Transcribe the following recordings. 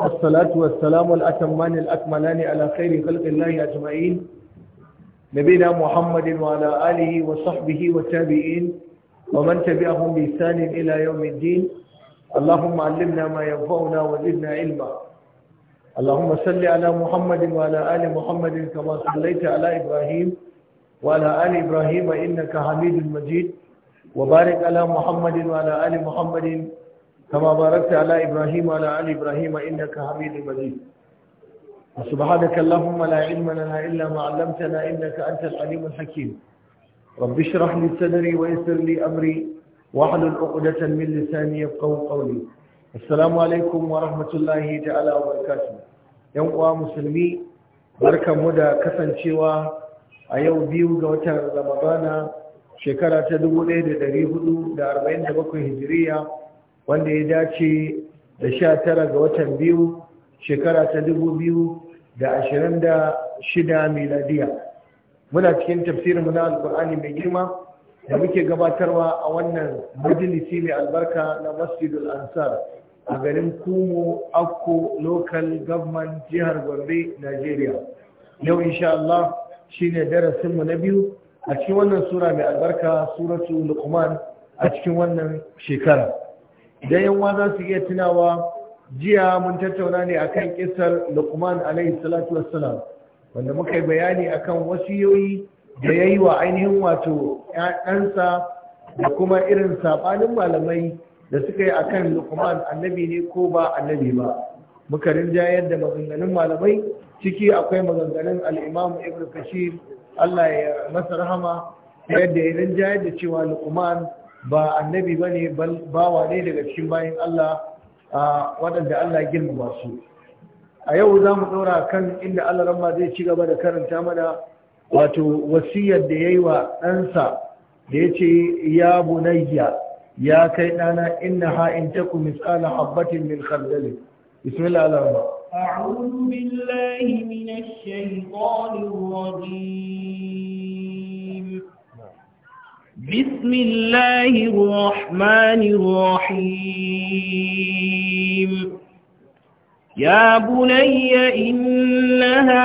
الصلاة والسلام الأتمان الأكملان على خير خلق الله أجمعين نبينا محمد وعلى آله وصحبه والتابعين ومن تبعهم بإحسان إلى يوم الدين اللهم علمنا ما ينفعنا وزدنا علما اللهم صل على محمد وعلى آل محمد كما صليت على إبراهيم وعلى آل إبراهيم إنك حميد مجيد وبارك على محمد وعلى آل محمد كما باركت على إبراهيم وعلى آل إبراهيم إنك حميد مجيد سبحانك اللهم لا علم لنا إلا ما علمتنا إنك أنت العليم الحكيم رب اشرح لي صدري ويسر لي أمري واحلل عقدة من لساني يفقهوا قولي السلام عليكم ورحمة الله تعالى وبركاته يوم مسلمي بركة مدى كفن شوى أيو بيو جوتا رمضان شكرا تدو ليه دريه دا أربعين دبكو هجرية wanda ya dace da sha tara ga watan biyu shekara ta dubu biyu da ashirin da shida miladiya muna cikin tafsirinmu na alkur'ani mai girma da muke gabatarwa a wannan majalisi mai albarka na masjidul ansar a garin kumo akko local government jihar gombe nigeria yau insha Allah shine darasinmu na biyu a cikin wannan sura mai albarka suratu luqman a cikin wannan shekara da yan wa za su iya tunawa jiya mun tattauna ne akan kisar lukman alaihi salatu wassalam wanda muka yi bayani akan yoyi da ya yi wa ainihin wato ɗansa da kuma irin saɓanin malamai da suka yi akan lukman annabi ne ko ba annabi ba muka rinjayar da maganganun malamai ciki akwai maganganun al'imam ibn kashir allah ya masa rahama yadda ya rinjayar da cewa lukman. ba annabi ba ne bawa ne daga cikin bayan Allah waɗanda Allah girma ba su a yau za mu ɗora kan inda Allah ramma zai ci gaba da karanta mana wato wasiyar da ya yi wa ɗansa da ya ce ya bunayya ya kai ɗana inna ha in taku misala habbatin min khardalin bismillah alarma أعوذ بالله من الشيطان الرجيم بسم الله الرحمن الرحيم يا بني إنها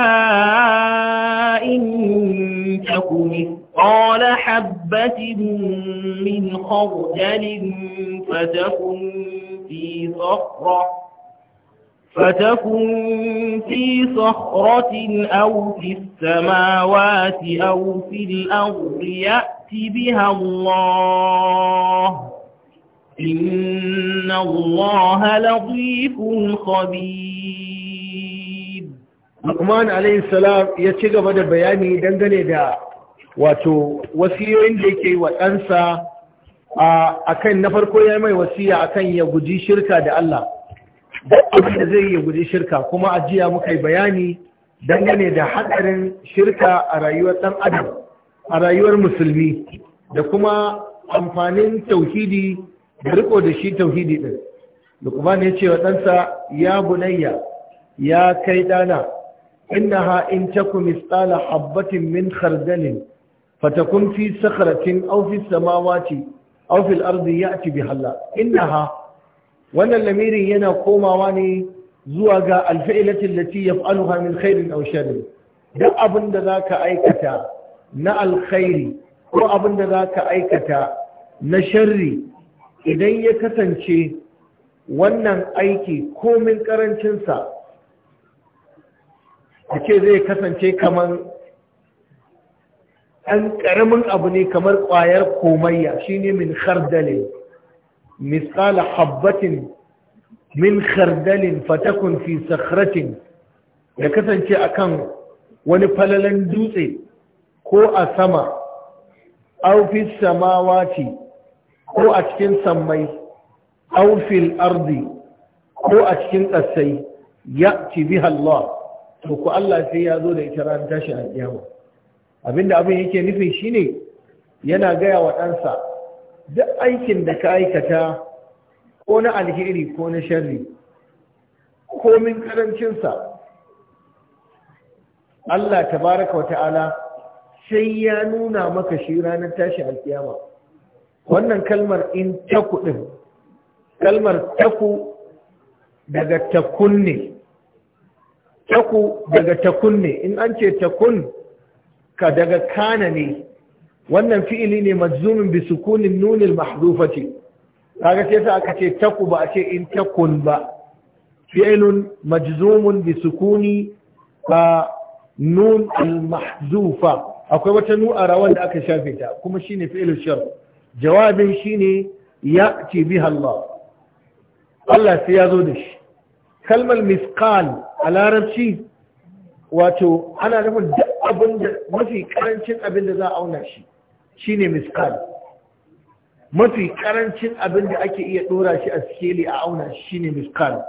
إن تك مثقال حبة من خردل فتكن في صخرة فتكن في صخرة أو في السماوات أو في الأرض يأت بها الله إن الله لطيف خبير لقمان عليه السلام يتشغى بدا بياني دنگني دا wato wasiyoyin da yake wa ɗansa a kan na farko ya mai wasiya akan ya guji shirka da Allah duk zai yi guji shirka kuma a jiya muka yi bayani dangane da haɗarin shirka a rayuwar ɗan adam a rayuwar musulmi da kuma amfanin tauhidi da riko da shi tauhidi ɗin lukman ya ce wa ɗansa ya bunayya ya kai ɗana ha in taku misala habbatin min khardalin fatakun fi sakharatin aw fi samawati aw fil ardi ya'ti biha Inna ha. wannan lamirin yana komawa ne zuwa ga alfa'ilatin lati yaf'aluha min khairin aw sharrin duk abin da ka aikata na alkhairi ko abin da zaka aikata na sharri idan ya kasance wannan aiki komin karancinsa a ce zai kasance kamar ɗan ƙaramin abu ne kamar ƙwayar komayya shine min khardalin misqala habbatin min khardalin fatakun ya kasance akan wani falalan dutse ko a sama aw fi samawati ko a cikin sammai aw fil ardi ko a cikin ƙasai ya ci Allah to ku Allah sai ya zo da ita ranar tashi a kiyama abinda abin yake nufin shine yana gaya wa ɗansa duk aikin da ka aikata ko na alheri ko na sharri komin karancinsa Allah tabaraka wa ta'ala sai ya nuna maka shi ranar tashi alkiyama wannan kalmar in taku ɗin kalmar taku daga takun ne taku daga takun ne in an ce takun ka daga kana ne wannan fi'ili ne majzumin bi sukunin nunil mahdufati kaga sai aka ce taku ba a ce in takun ba fi'ilun majzumun bi sukuni ba nun al-mahzufa akwai wata nu'a rawan da aka shafe ta kuma shine fi'ilul shar jawabin shine ya'ti biha Allah Allah sai ya zo da shi kalmar misqal a larabci wato ana nufin duk abin da mafi karancin abin da za a auna shi shine miskal mafi karancin abin da ake iya dora shi a sikeli a auna shine miskal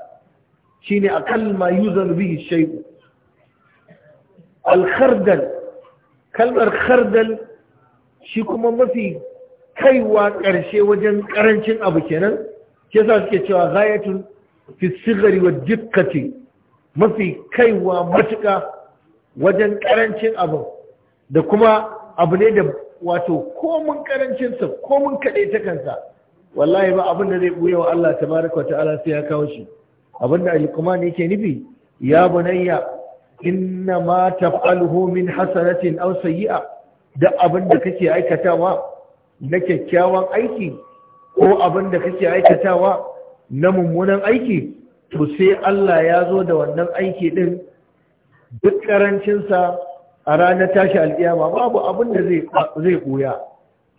shine akal ma yuzan bihi shay'u al kalmar khardal shi kuma mafi kaiwa ƙarshe wajen ƙarancin abu kenan yasa suke cewa zayatun fi sigari wa mafi kaiwa matuka wajen ƙarancin abu da kuma abu ne da wato komun karancinsa komun kaɗe ta kansa wallahi ba abin da zai buya wa Allah tabaraka wa ta'ala sai ya kawo shi abin da ne yake nufi ya bunayya inna ma taf'aluhu min hasanatin aw sayyi'a da abin da kake aikatawa na kyakkyawan aiki ko abin da kake aikatawa na mummunan aiki to sai Allah ya zo da wannan aiki din duk karancinsa a ranar tashi al'iyama babu abin da zai koya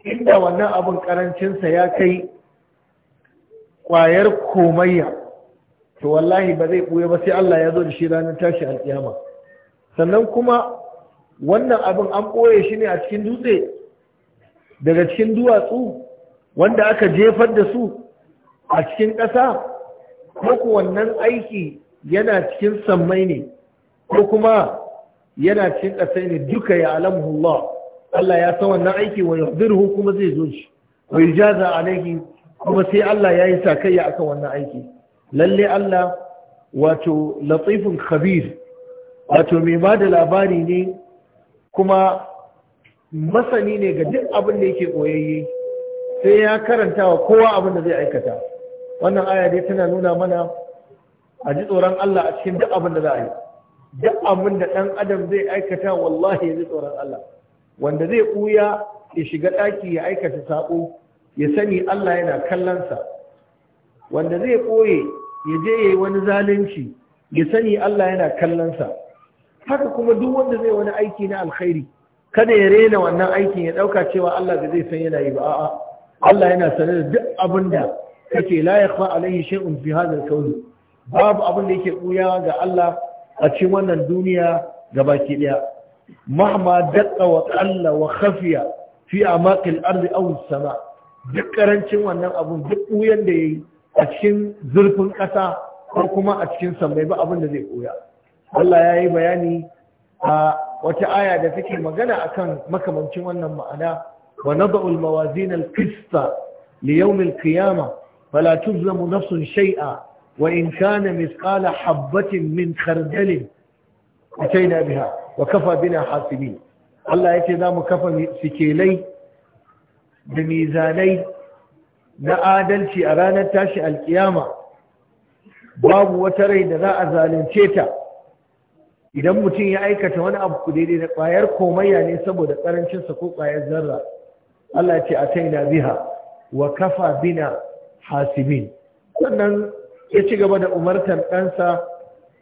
inda wannan abin karancinsa ya kai kwayar komayya to wallahi ba zai koya ba sai Allah ya zo da shi ranar tashi al'iyama sannan kuma wannan abin an ɓoye shi ne a cikin dutse daga cikin duwatsu wanda aka jefar da su a cikin ƙasa ko wannan aiki yana cikin sammai ne ko kuma yana cikin ƙasai ne duka ya alamu Allah Allah ya san wannan aiki wa yuhdiruhu kuma zai zo shi wa yujaza alaihi kuma sai Allah ya yi sakayya akan wannan aiki lalle Allah wato latifin khabir wato mai ba da labari ne kuma masani ne ga duk abin da yake koyayye sai ya karanta wa kowa abin da zai aikata wannan aya dai tana nuna mana a ji tsoron Allah a cikin duk abin da za a yi duk abin da ɗan adam zai aikata wallahi ya ji tsoron Allah wanda zai ɓuya ya shiga ɗaki ya aikata saƙo ya sani Allah yana kallonsa wanda zai ɓoye ya je ya yi wani zalunci ya sani Allah yana kallonsa haka kuma duk wanda zai wani aiki na alkhairi kada ya rena wannan aikin ya ɗauka cewa Allah da zai san yana yi ba a'a Allah yana sanar da duk abin da kake la yakhfa alaihi shay'un fi hadha al-kawn babu abin da yake ɓuya ga Allah a cikin wannan duniya gabaki daya mahma daɗa wa qalla wa khafiya fi a ardi aw sama duk ƙarancin wannan abun duk wuyan da yayi a cikin zurfin ƙasa ko kuma a cikin sammai ba abin da zai koya Allah ya yi bayani a wata aya da take magana akan makamancin wannan ma'ana wa nad'u al-mawazin al-qista li yawm al-qiyamah fala tuzlamu nafsun shay'a وإن كان مثقال حبة من خردل أتينا بها وكفى بنا حاسبين الله na adalci سكيلي بميزاني نآدل في Babu تاشي القيامة باب za a zalunce شيتا idan mutum ya aikata wani abu ku daidai da ƙwayar komayya ne saboda ƙarancinsa ko ƙwayar zarra Allah ce a taina biha wa kafa bina hasibin sannan ya ci gaba da umartar ɗansa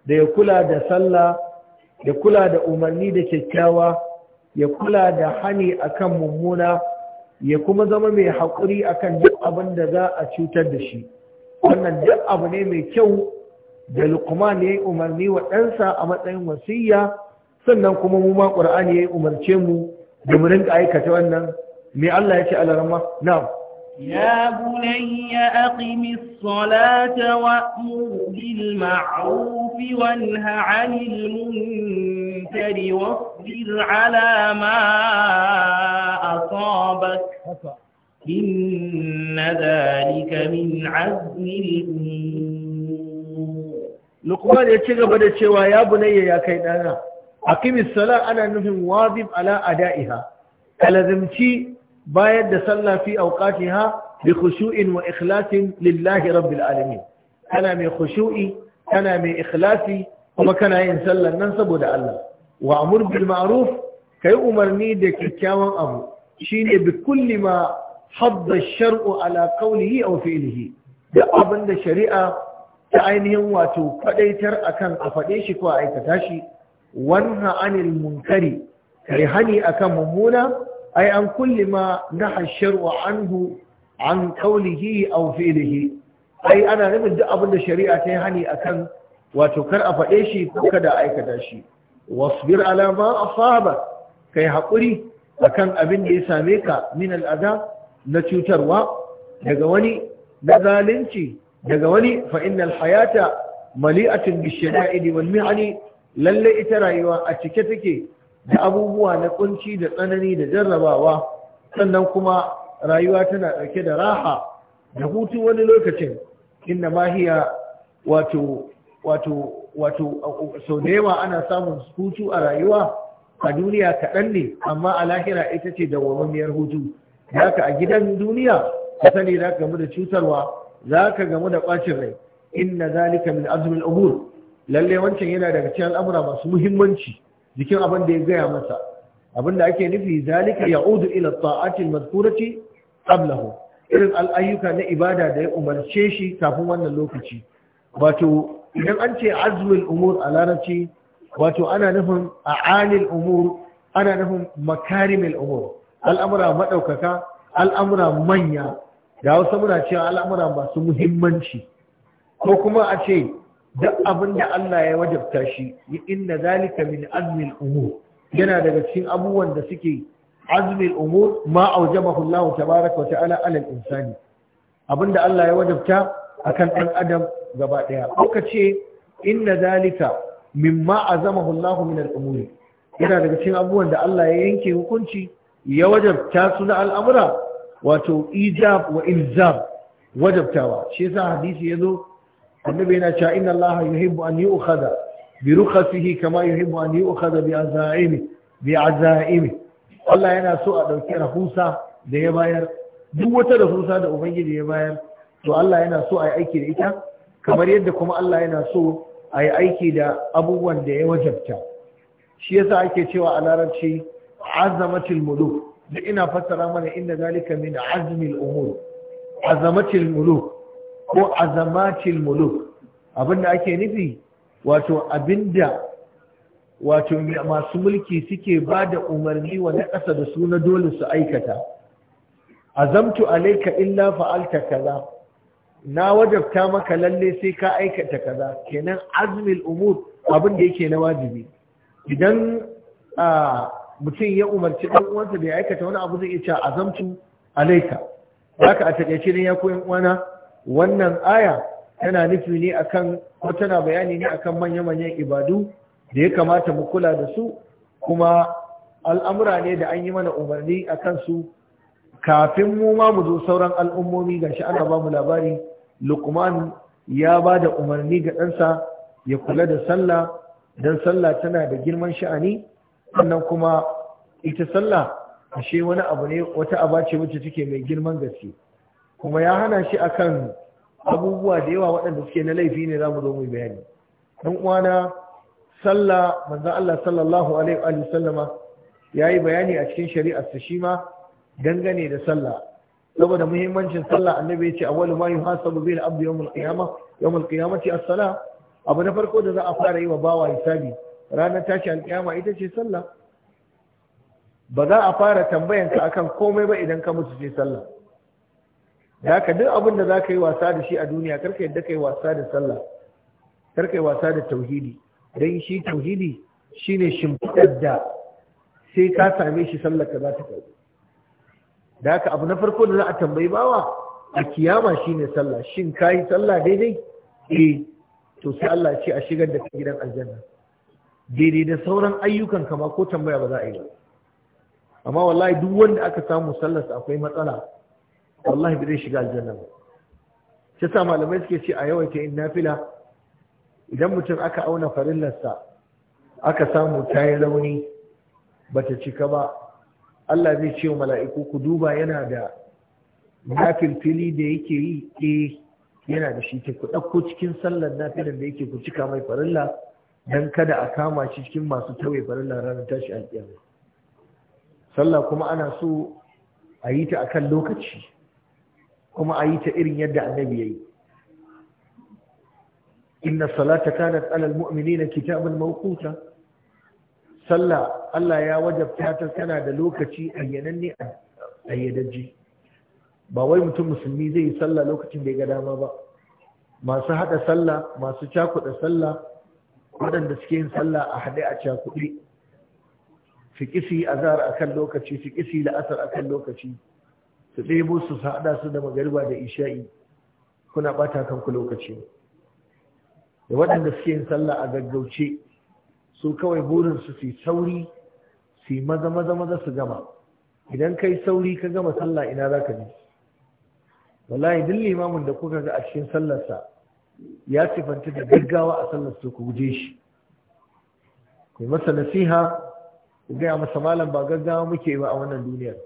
da ya kula da sallah ya kula da umarni da kyakkyawa ya kula da hani akan mummuna ya kuma zama mai haƙuri akan duk abin da za a cutar da shi wannan duk abu ne mai kyau da lukman ya yi umarni wa ɗansa a matsayin wasiyya sannan kuma mu ma ƙur'ani ya yi umarce mu da mu rinka aikata wannan me allah ya ce alarma na يا بني أقم الصلاة وأمر بالمعروف وانه عن المنكر واصبر على ما أصابك إن ذلك من عزم الأمور لقمان يتشغب هذا الشيء يا بني يا كيدانا أقم الصلاة أنا نفهم واجب على أدائها ألزمتي bayar da sallah fi awqatiha bi khushu'in wa ikhlasin lillahi rabbil alamin kana mai khushu'i kana mai ikhlasi kuma kana yin sallar nan saboda Allah wa amur bil ma'ruf kai umarni da kyakkyawan abu shine bi kulli ma hadda shar'u ala qawlihi aw fi'lihi da abinda shari'a ta ainihin wato fadaitar akan a fade shi ko a aikata shi wanha anil munkari kai hani akan mummuna ai an kulle ma naha shar'u anhu an qawlihi aw fi'lihi ai ana nufin duk abin da shari'a ta yi hani akan wato kar a faɗe shi ko kada a aikata shi wasbir ala ma asaba kai haƙuri akan abin da ya same ka min al'ada na cutarwa daga wani na daga wani fa innal hayata mali'atun bishada'idi wal mi'ani lalle ita rayuwa a cike take da abubuwa na kunci da tsanani da jarrabawa sannan kuma rayuwa tana ɗauke da raha da hutu wani lokacin inda mahiya wato wato wato sau da yawa ana samun hutu a rayuwa a duniya kaɗan ne amma a lahira ita ce da dawwammamiyar hutu za ka a gidan duniya ka sani za ka gamu da cutarwa za ka gamu da ɓacin rai inna zalika min azumin ubur? Lallai wancan yana daga cikin al'amura masu muhimmanci jikin abin da ya gaya masa abin da ake nufi zalika ya'udu ila ta'atil mazkurati qablahu irin al'ayyuka na ibada da ya umarce shi kafin wannan lokaci wato idan an ce azmul umur a larabci wato ana nufin a'anil umur ana nufin makarimil umur al'amura madaukaka al'amura manya da wasu muna cewa al'amura masu muhimmanci ko kuma a ce duk abin da Allah ya wajabta shi inna zalika min azmil umur yana daga cikin abubuwan da suke azmil umur ma aujabahu Allah tabaraka wa ta'ala ala al-insani abinda Allah ya wajabta akan dan adam gaba daya kuka ce inna zalika mimma azamahu Allah min al-umur yana daga cikin abubuwan da Allah ya yanke hukunci ya wajabta su na al'amura wato ijab wa ilzam wajabtawa shi yasa hadisi yazo annabi yana cewa inna Allah yuhibbu an yu'khadha bi rukhasihi kama yuhibbu an yu'khadha bi azaimi bi azaimi Allah yana so a dauki rahusa da ya bayar duk wata rahusa da ubangiji ya bayar to Allah yana so a yi aiki da ita kamar yadda kuma Allah yana so a yi aiki da abubuwan da ya wajabta shi yasa ake cewa a larabci azamatul muluk da ina fassara mana inda zalika min azmil umur azamatul muluk ko azamatil muluk abinda ake nufi wato abinda wato masu mulki suke ba da umarni wa na ƙasa da suna dole su aikata azamtu alaika illa fa'alta kaza na wajabta maka lalle sai ka aikata kaza kenan azmil umur abin da yake na wajibi idan mutum ya umarci ɗan uwansa bai aikata wani abu zai iya cewa azamtu alaika haka a taƙaice ne ya koyan uwana wannan aya tana nufi ne akan ko tana bayani ne akan manya-manyan ibadu da ya kamata mu kula da su kuma al'amura ne da an yi mana umarni akan su kafin mu ma mu zo sauran al'ummomi ga shi ana ba mu labari lukman ya ba da umarni ga ɗansa ya kula da sallah don sallah tana da girman sha'ani sannan kuma ita sallah ashe wani abu ne wata aba ce wacce take mai girman gaske kuma ya hana shi akan abubuwa da yawa waɗanda suke na laifi ne za mu zo mu bayani ɗan uwana sallah manzon Allah sallallahu alaihi wa ya yi bayani a cikin shari'ar sa shi ma dangane da sallah saboda muhimmancin salla annabi ya ce a wani mayu hasa abdu yawm abu yawon yawm a qiyamati abu na farko da za a fara yi wa bawa hisabi ranar tashi al ita ce sallah ba za a fara tambayanka a akan komai ba idan ka mutu ce sallah Daka duk abin da za ka yi wasa da shi a duniya karka yadda ka yi wasa da sallah karka yi wasa da tauhidi don shi tauhidi shi ne shimfiɗar da sai ka same shi sallar ka za ta kai. da abu na farko da za a tambayi bawa a kiyama shi ne sallah shin ka yi sallah daidai eh to sai Allah ce a shigar da gidan aljanna daidai da sauran ayyukan kama ko tambaya ba za a yi ba amma wallahi duk wanda aka samu sallarsa akwai matsala wallahi ba zai shiga aljanna ba shi sa malamai suke ce a yawaita yin nafila idan mutum aka auna farillarsa aka samu ta yi rauni ba ta cika ba Allah zai ce wa mala'iku ku duba yana da fili da yake yi eh yana da shi ku ɗauko cikin sallar nafilan da yake ku cika mai farilla don kada a kama shi cikin masu tawaye farilla ranar tashi alƙiyar sallah kuma ana so a yi ta akan lokaci kuma a yi ta irin yadda annabi ya yi inna salata kanat alal mu'minina kitaban mawquta sallah Allah ya wajabta ta tana da lokaci ayyananne ayyadajji ba wai mutum musulmi zai yi sallah lokacin da ya ga dama ba masu hada sallah masu cakuɗa sallah waɗanda suke yin sallah a haɗe a cakuɗe su kisi azhar akan lokaci fi kisi la'asar akan lokaci su ɗebo su haɗa su da magariba da isha'i kuna ɓata kanku lokaci da waɗanda suke yin sallah a gaggauce su kawai burin su sauri su maza maza maza su gama idan kai sauri ka gama sallah ina za ka je wallahi duk limamin da kuka ga a cikin sallarsa ya sifanta da gaggawa a sallar su ku guje shi ku masa nasiha ku gaya masa malam ba gaggawa muke ba a wannan duniyar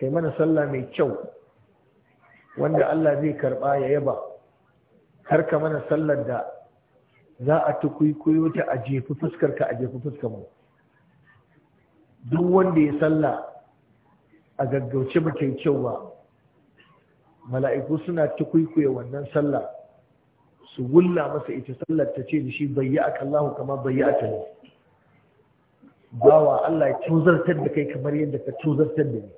kai mana sallah mai kyau wanda Allah zai karba ya yaba har ka mana sallar da za a ta kwaikwayo ta a jefi fuskar ka a jefi fuskar mu duk wanda ya salla a gaggauce ba ta kyau ba mala'iku suna ta wannan sallah su wulla masa ita sallar ta ce da shi bayyaka Allahu kama ta ne bawa Allah ya tuzartar da kai kamar yadda ka tuzartar da ni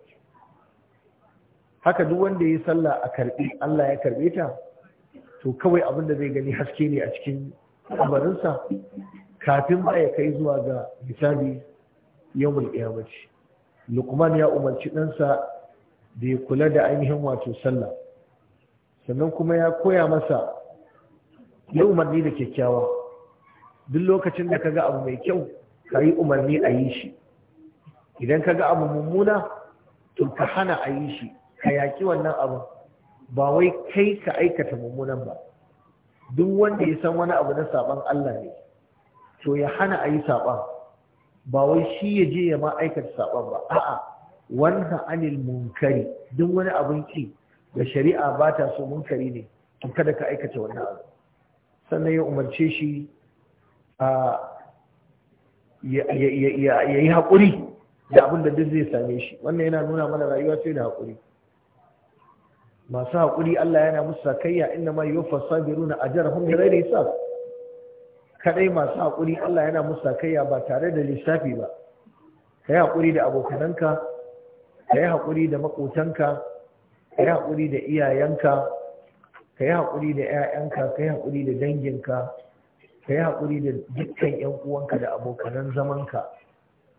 haka duk wanda ya sallah a karbi Allah ya karbe ta to kawai abin da zai gani haske ne a cikin kabarinsa kafin ba ya kai zuwa ga yau mai qiyamati Luqman ya umarci ɗansa da ya kula da ainihin wato sallah sannan kuma ya koya masa ya umarni da kyakkyawa duk lokacin da ka ga abu mai kyau ka yi umarni a yi shi idan ka ga abu mummuna to ka hana a yi shi ka yaƙi wannan abin ba wai kai ka aikata mummunan ba duk wanda ya san wani abu na saban Allah ne to ya hana a yi saban ba wai shi ya je ya ma aikata saban ba a'a wannan anil munkari duk wani abin ki da shari'a ba ta so munkari ne to kada ka aikata wannan abu sannan ya umarce shi a ya yi haƙuri da abin da duk zai same shi wannan yana nuna mana rayuwa sai da haƙuri masu haƙuri Allah yana musu sakayya inna ma yuwaffa sabiruna ajrahum ne hisab kadai masu haƙuri Allah yana musu sakayya ba tare da lissafi ba Ka yi haƙuri da abokananka ka yi haƙuri da makotanka yi haƙuri da iyayenka ka yi haƙuri da ƴaƴanka yi haƙuri da danginka ka yi haƙuri da dukkan ƴan uwanka da abokanan zamanka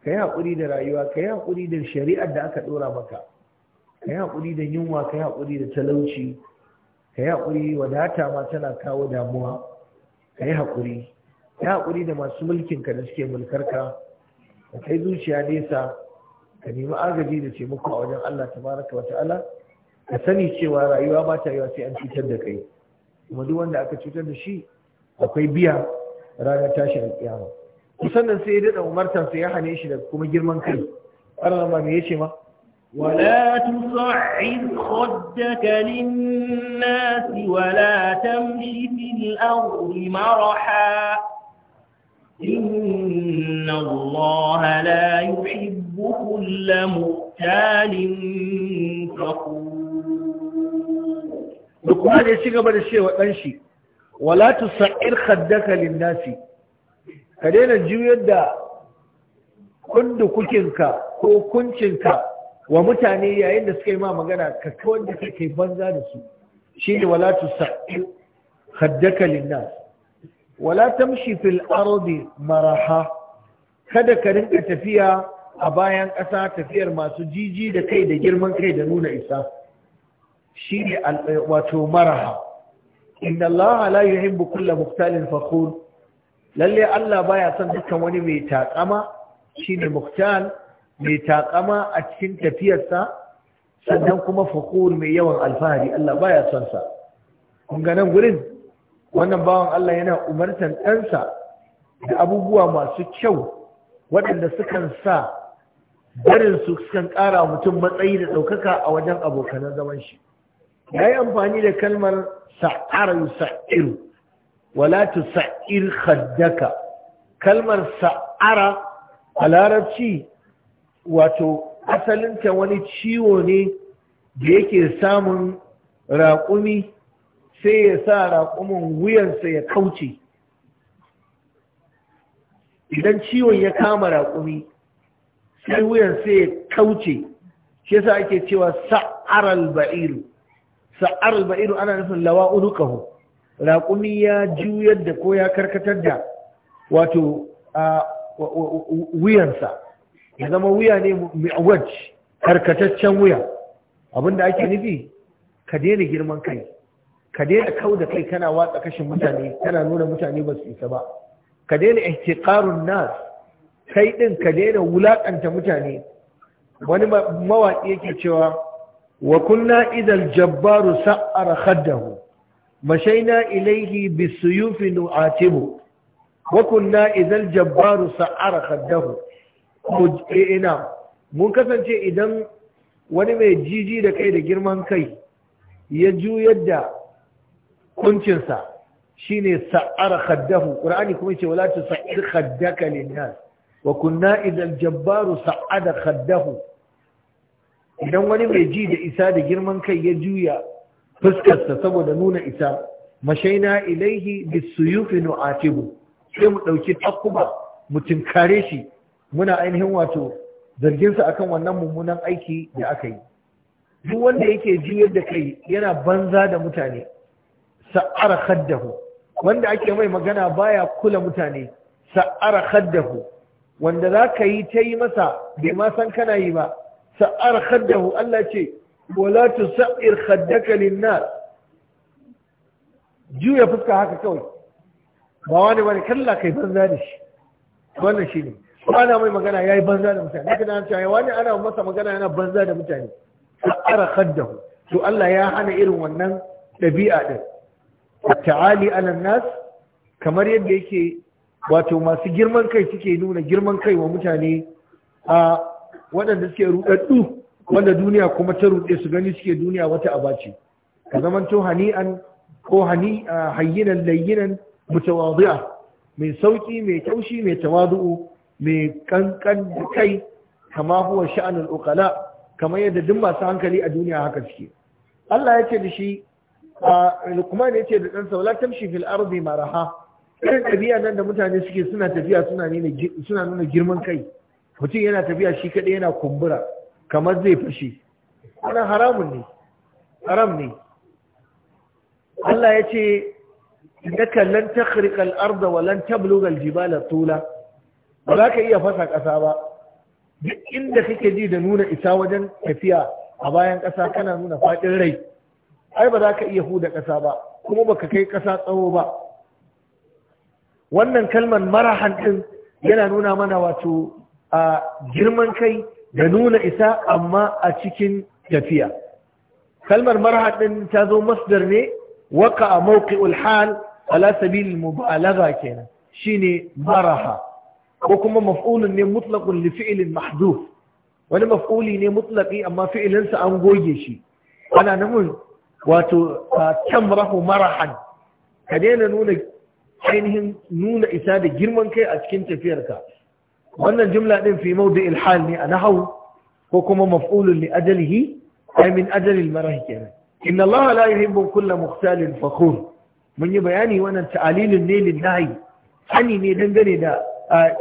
yi haƙuri da rayuwa ka yi haƙuri da shari'ar da aka ɗora maka ka yi haƙuri da yunwa ka yi haƙuri da talauci ka yi haƙuri wadata ma tana kawo damuwa ka yi haƙuri ya haƙuri da masu mulkin ka da suke mulkar ka kai zuciya nesa ka nemi agaji da taimako a wajen Allah ta baraka wa ta'ala ka sani cewa rayuwa ba ta yiwa sai an cutar da kai kuma duk wanda aka cutar da shi akwai biya ranar tashi alƙiyama kiyama kusan nan sai ya daɗa umartansa ya hane shi da kuma girman kai ƙarar ma me ya ce ma ولا تصعد خدك للناس ولا تمش في الأرض مرحا إن الله لا يحب كل مختال فخور لقمان يشيك الشيء وأنشي ولا تصعر خدك للناس كدين الجو يدى كند كوكينك كوكنشنك wa mutane yayin da suka yi ma magana ka wanda kake banza da su shi ne wala tu sa'il khaddaka linnas wala tamshi fil ardi maraha kada ka rinka tafiya a bayan ƙasa tafiyar masu jiji da kai da girman kai da nuna isa shi ne wato maraha inna allaha la yuhibbu kulla muhtalin fakhur lalle allah baya son dukkan wani mai takama ne muhtal mai takama a cikin tafiyarsa sannan kuma fakor mai yawan alfahari Allah baya son sa kun gurin wannan bawan Allah yana umartan ɗansa da abubuwa masu kyau waɗanda sukan sa barin su sukan ƙara mutum matsayi da ɗaukaka a wajen abokanan zaman shi ya yi amfani da kalmar sa'ara yusa'iru wala tusa'ir khaddaka kalmar sa'ara a larabci wato asalinta wani ciwo ne da yake samun raƙumi sai ya sa raƙumin wuyansa ya kauce idan ciwon ya kama raƙumi sai wuyan ya kauce shi yasa ake cewa sa'aral ba'iru sa'aral ba'iru ana nufin lawa unukahu raƙumi ya juyar da ko ya karkatar da wato wuyansa ya zama wuya ne mi'awaj karkataccen wuya abinda ake nufi ka daina girman kai ka daina kau da kai kana watsa kashin mutane kana nuna mutane ba su isa ba ka daina ihtiqarun nas kai din ka daina wulakanta mutane wani mawaƙi yake cewa wa kunna idal jabbaru sa'ara khaddahu mashaina ilayhi bisuyufin atibu wa kunna idal jabbaru sa'ara khaddahu ina mun kasance idan wani mai jiji da kai da girman kai ya juyar da kuncinsa shine sa'ar Haddahu. ƙura'ani kuma ce wala sa’ar khaddaka linnas wa kunna idan jabbaru Sa'ar Haddahu. idan wani mai ji da isa da girman kai ya juya fuskarsa saboda nuna isa mashaina ilaihi yufi nu'atibu sai mu ɗauki takuba mu tinkare shi muna ainihin wato zarginsa a kan wannan mummunan aiki da aka yi duk wanda yake juyar da kai yana banza da mutane sa'ar khaddahu wanda ake mai magana baya kula mutane sa'ar khaddahu wanda za ka yi ta yi masa bai ma san kana yi ba sa'ar khaddahu Allah ce wala sa'ir khaddaka linnas juya fuska haka kawai ba wani bane kalla kai banza da shi wannan shine ana mai magana ya yi banza da mutane kana an cewa wani ana masa magana yana banza da mutane sa'ara khaddahu to Allah ya hana irin wannan ɗabi'a din ta'ali ala nas kamar yadda yake wato masu girman kai suke nuna girman kai wa mutane a waɗanda suke rudaddu wanda duniya kuma ta ruɗe su gani suke duniya wata abaci ka to hani'an ko hani hayyinan layyinan mutawadi'a mai sauki mai taushi mai tawadu'u mai kankan da kai kama huwa sha'anul uqala kamar yadda duk masu hankali a duniya haka suke Allah ya ce da shi kuma ne ce da ɗansa wala tamshi fil ardi maraha irin tafiya nan da mutane suke suna tafiya suna nuna girman kai mutum yana tafiya shi kaɗai yana kumbura kamar zai fashe wannan haramun ne haram ne Allah ya ce innaka kallon takhriqa al-arda lan jibala ba za ka iya fasa ƙasa ba duk inda kake ji da nuna isa wajen tafiya a bayan ƙasa kana nuna faɗin rai ai ba za ka iya huda ƙasa ba kuma ba ka kai ƙasa tsawo ba wannan kalmar marahan ɗin yana nuna mana wato a girman kai da nuna isa amma a cikin tafiya kalmar marahan ɗin ta zo masdar ne waka a mawqi'ul hal ala sabil mubalagha kenan shine maraha ko kuma maf'ulun ne mutlaqun li fi'lin mahdhuf wani maf'uli ne mutlaqi amma fi'ilinsa an goge shi ana nufin wato tamrahu marahan ka daina nuna ainihin nuna isa da girman kai a cikin tafiyarka wannan jumla din fi mawdi'il hal ne a nahwu ko kuma maf'ulun li ajalihi ay min ajali al-marah kenan inna allaha la yuhibbu kulla mukhtalin fakhur mun yi bayani wannan ta'alilun ne lin nahi hani ne dangane da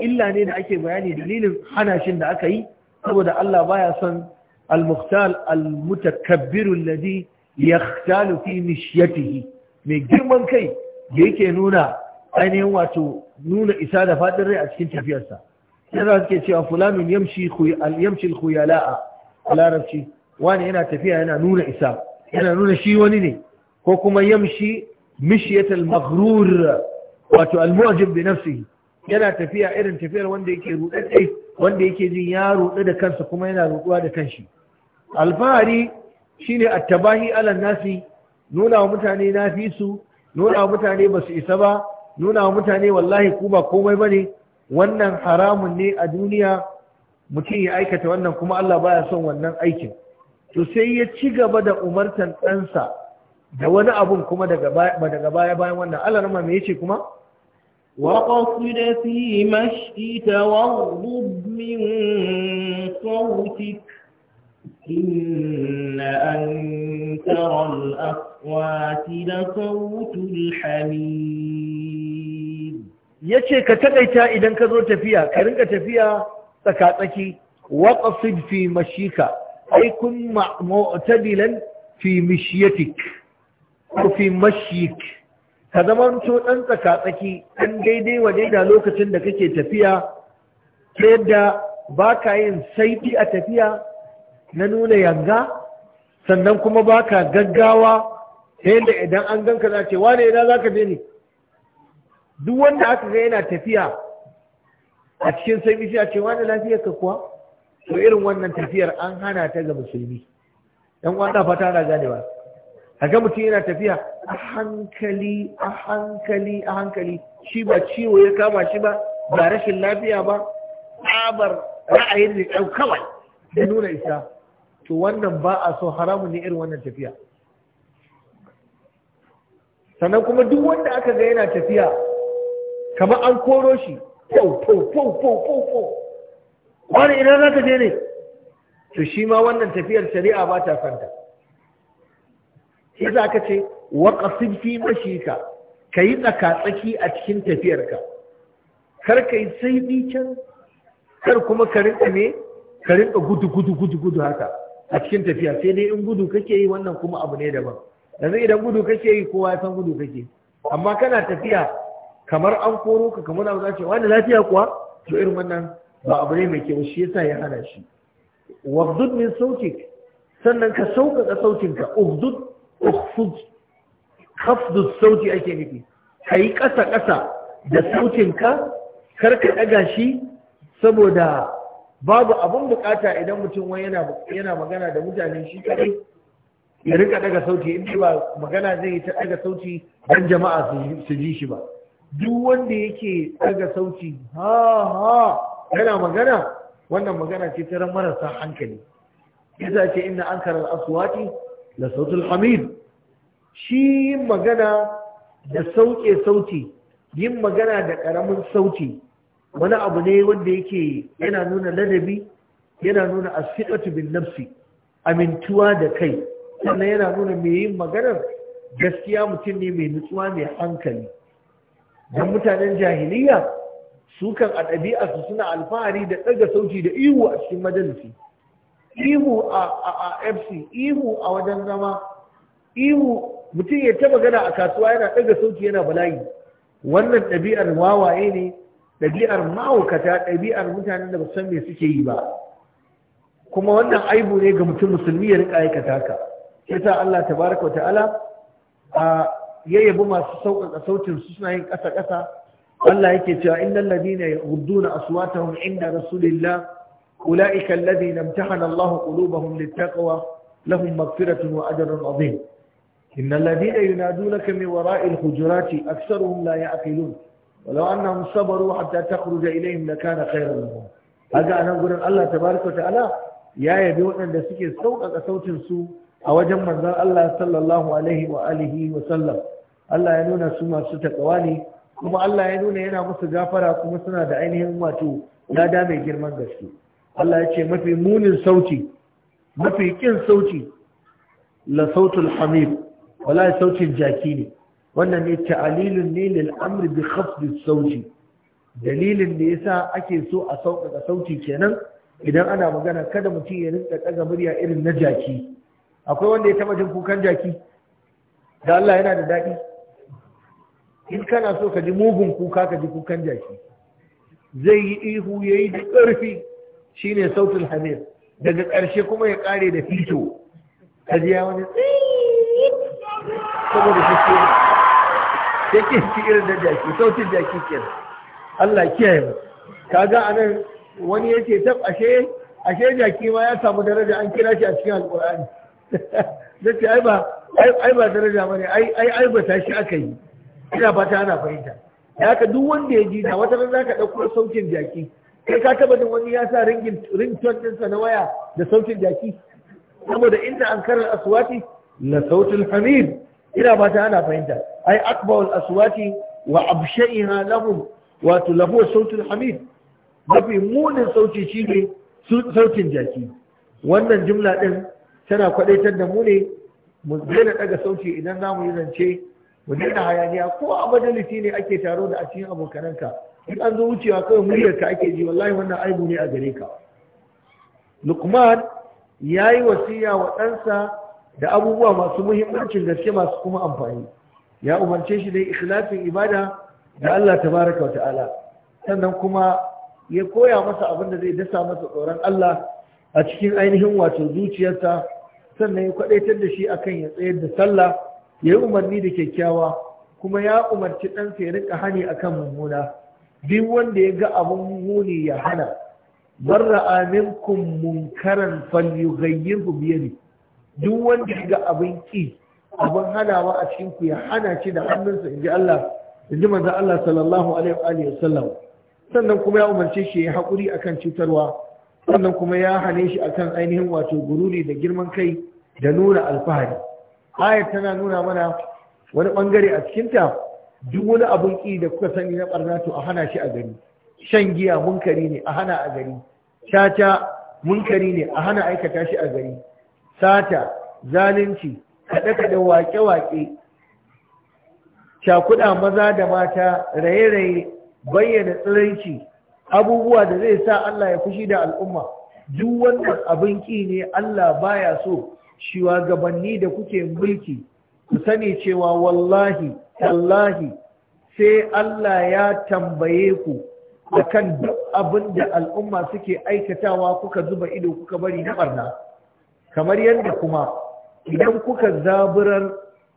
illa ne da ake bayani dalilin hana shin da aka yi saboda Allah baya son al muhtal al-mutakabbiru alladhi yakhtalu fi mishyatihi mai girman kai da yake nuna ainihin wato nuna isa da fadin rai a cikin tafiyarsa sai za ke cewa fulanun yamshi yamshi khuyala'a larabci wani yana tafiya yana nuna isa yana nuna shi wani ne ko kuma yamshi mishiyatal maghrur wato al-mu'jib bi nafsihi yana tafiya irin tafiyar wanda yake dai, wanda yake jin ya rudu da kansa kuma yana ruduwa da kanshi alfahari shine attabahi ala nasi nuna wa mutane na fi nuna wa mutane ba isa ba nuna wa mutane wallahi ku ba komai bane wannan haramun ne a duniya mutum ya aikata wannan kuma Allah baya son wannan aikin to sai ya ci gaba da umartan ɗansa da wani abun kuma daga baya bayan wannan Allah ma me yace kuma وقصد في مشيك واغضب من صوتك إن أنكر الأصوات لصوت الحميد yace ka takaita idan ka zo tafiya ka rinka tafiya tsakatsaki wa qasid fi mashika ay kun mu'tadilan fi mashik ka zamanto ɗan tsaka-tsaki ɗan daidai wa daida lokacin da kake tafiya ta yadda ba ka yin saiti a tafiya na nuna yanga sannan kuma ba ka gaggawa ta yadda idan an ganka za ce wane idan za ka je ne duk wanda aka ga yana tafiya a cikin sai sai a ce wane lafiyar ka kuwa to irin wannan tafiyar an hana ta ga musulmi dan wanda fata na ganewa a ga mutum yana tafiya a hankali a hankali a hankali shi ba ciwo ya kama shi ba ba rashin lafiya ba tsabar ra'ayin da ɗau kawai da nuna isa to wannan ba a so haramun ne irin wannan tafiya sannan kuma duk wanda aka ga yana tafiya kamar an koro shi fau fau fau fau fau fau wani idan za ka je ne to shi ma wannan tafiyar shari'a ba ta santa shi za ka ce wa qasid fi ka ka tsaka tsaki a cikin tafiyarka kar ka yi sai bi kar kuma ka rinka ne ka rinka gudu gudu gudu gudu haka a cikin tafiya sai dai in gudu kake yi wannan kuma abu ne daban yanzu idan gudu kake yi kowa ya san gudu kake amma kana tafiya kamar an koro ka kamar abu za ce wani lafiya kuwa to irin wannan ba abu ne mai kyau shi yasa ya hana shi wabdud min sautik sannan ka sauƙaƙa sautinka ubdud ukhfud khafdu sauti ake nufi kai kasa kasa da sautinka kar ka daga shi saboda babu abun bukata idan mutum wani yana yana magana da mutane shi kadai ya rika daga sauti in ba magana zai ta daga sauti dan jama'a su ji shi ba duk wanda yake daga sauti ha ha yana magana wannan magana ce ta marasa hankali yasa ce inna ankara al-aswati da sautul hamid shi yin magana da sauke sauti yin magana da ƙaramin sauti wani abu ne wanda yake yana nuna ladabi yana nuna asfiqatu bin nafsi amintuwa da kai sannan yana nuna mai yin maganar gaskiya mutum ne mai nutsuwa mai hankali don mutanen jahiliya su kan a su suna alfahari da ɗaga sauti da ihu a cikin majalisi ihu a fc ihu a wajen zama ihu mutum ya taba gana a kasuwa yana ɗaga sauki yana bala'i wannan ɗabi'ar wawaye ne ɗabi'ar ma'aukata ɗabi'ar mutanen da ba san me suke yi ba kuma wannan aibu ne ga mutum musulmi ya rika aikata ka yasa Allah tabaraka wa ta'ala a ya yabi masu sauƙaƙa sautin su suna yin ƙasa ƙasa Allah yake cewa innal ladina yaghudduna aswatahum inda rasulillah أولئك الذين امتحن الله قلوبهم للتقوى لهم مغفرة وأجر عظيم إن الذين ينادونك من وراء الحجرات أكثرهم لا يعقلون ولو أنهم صبروا حتى تخرج إليهم لكان خيرا لهم هذا أنا أقول الله تبارك وتعالى يا يبيون أن سكي صوتك صوت سوء أو جمع الله صلى الله عليه وآله وسلم Allah ya nuna su masu takawa ne kuma Allah ya nuna yana musu gafara kuma suna da ainihin wato lada mai girman gaske Allah ya ce mafi munin sauti mafi kin sauti la sautul hamid wala sautin jaki ne wannan ne ta'alilun ne lil amr bi sauti dalilin da yasa ake so a sauƙaƙa sauti kenan idan ana magana kada mutum ya rinka ɗaga murya irin na jaki akwai wanda ya taba jin kukan jaki da Allah yana da daɗi in kana so ka ji mugun kuka ka ji kukan jaki zai yi ihu yayi da ƙarfi Shi ne sautin hadis daga ƙarshe kuma ya ƙare da fito jiya wani saboda shi ke ke shi irin da jaki sautin jaki ke Allah kiyaye mu a anan wani yake tab ashe ashe jaki ma ya samu daraja an kira shi a cikin alqur'ani nace ai ba ai ba daraja ba ai ai ai ba shi aka yi ina fata ana fahimta haka duk wanda ya ji da wata ran zaka dauko sautin jaki kai ka taba jin wani ya sa rington ɗinsa na waya da sautin jaki saboda inda an karar aswati na sautin hamid ina ba ta ana fahimta ai akbawul aswati wa absha'iha lahum wato lahu sautin hamid mafi munin sauti shi ne sautin jaki wannan jumla ɗin tana kwadaitar da mu ne mu daina daga sauti idan za mu yi zance mu daina hayaniya ko a majalisi ne ake taro da a cikin abokananka in an zo wucewa kawai muryar ka ake ji wallahi wannan aibu ne a gare ka lukman ya yi wasiya wa ɗansa da abubuwa masu muhimmancin gaske masu kuma amfani ya umarce shi da ikhlasin ibada da Allah tabaraka wa ta'ala sannan kuma ya koya masa abin da zai dasa masa tsoron Allah a cikin ainihin wato zuciyarsa sannan ya kwadaitar da shi akan ya tsayar da sallah ya yi umarni da kyakkyawa kuma ya umarci ɗansa ya rika hani akan mummuna duk wanda ya ga abin muni ya hana barra aminkum munkaran falyughayyirhu bi yadi duk wanda ya ga abin ki abin hanawa a cikin ku ya hana shi da hannunsa inji Allah inji manzo Allah sallallahu alaihi wa sallam sannan kuma ya umarce shi ya hakuri akan cutarwa sannan kuma ya hane shi akan ainihin wato gururi da girman kai da nuna alfahari ayat tana nuna mana wani bangare a cikinta duk wani abun ƙi da kuka sani na ɓarna to a hana shi a gari shan giya munkari ne a hana a gari caca munkari ne a hana aikata shi a gari sata zalunci kaɗe-kaɗe waƙe-waƙe cakuɗa maza da mata raye-raye bayyana tsiraici abubuwa da zai sa Allah ya fushi da al'umma duk wannan abin ƙi ne Allah baya so shugabanni da kuke mulki ku sani cewa wallahi Wallahi, sai Allah ya tambaye ku kan duk abin da al'umma suke aikatawa kuka zuba ido kuka bari na barna kamar yadda kuma idan kuka zaburar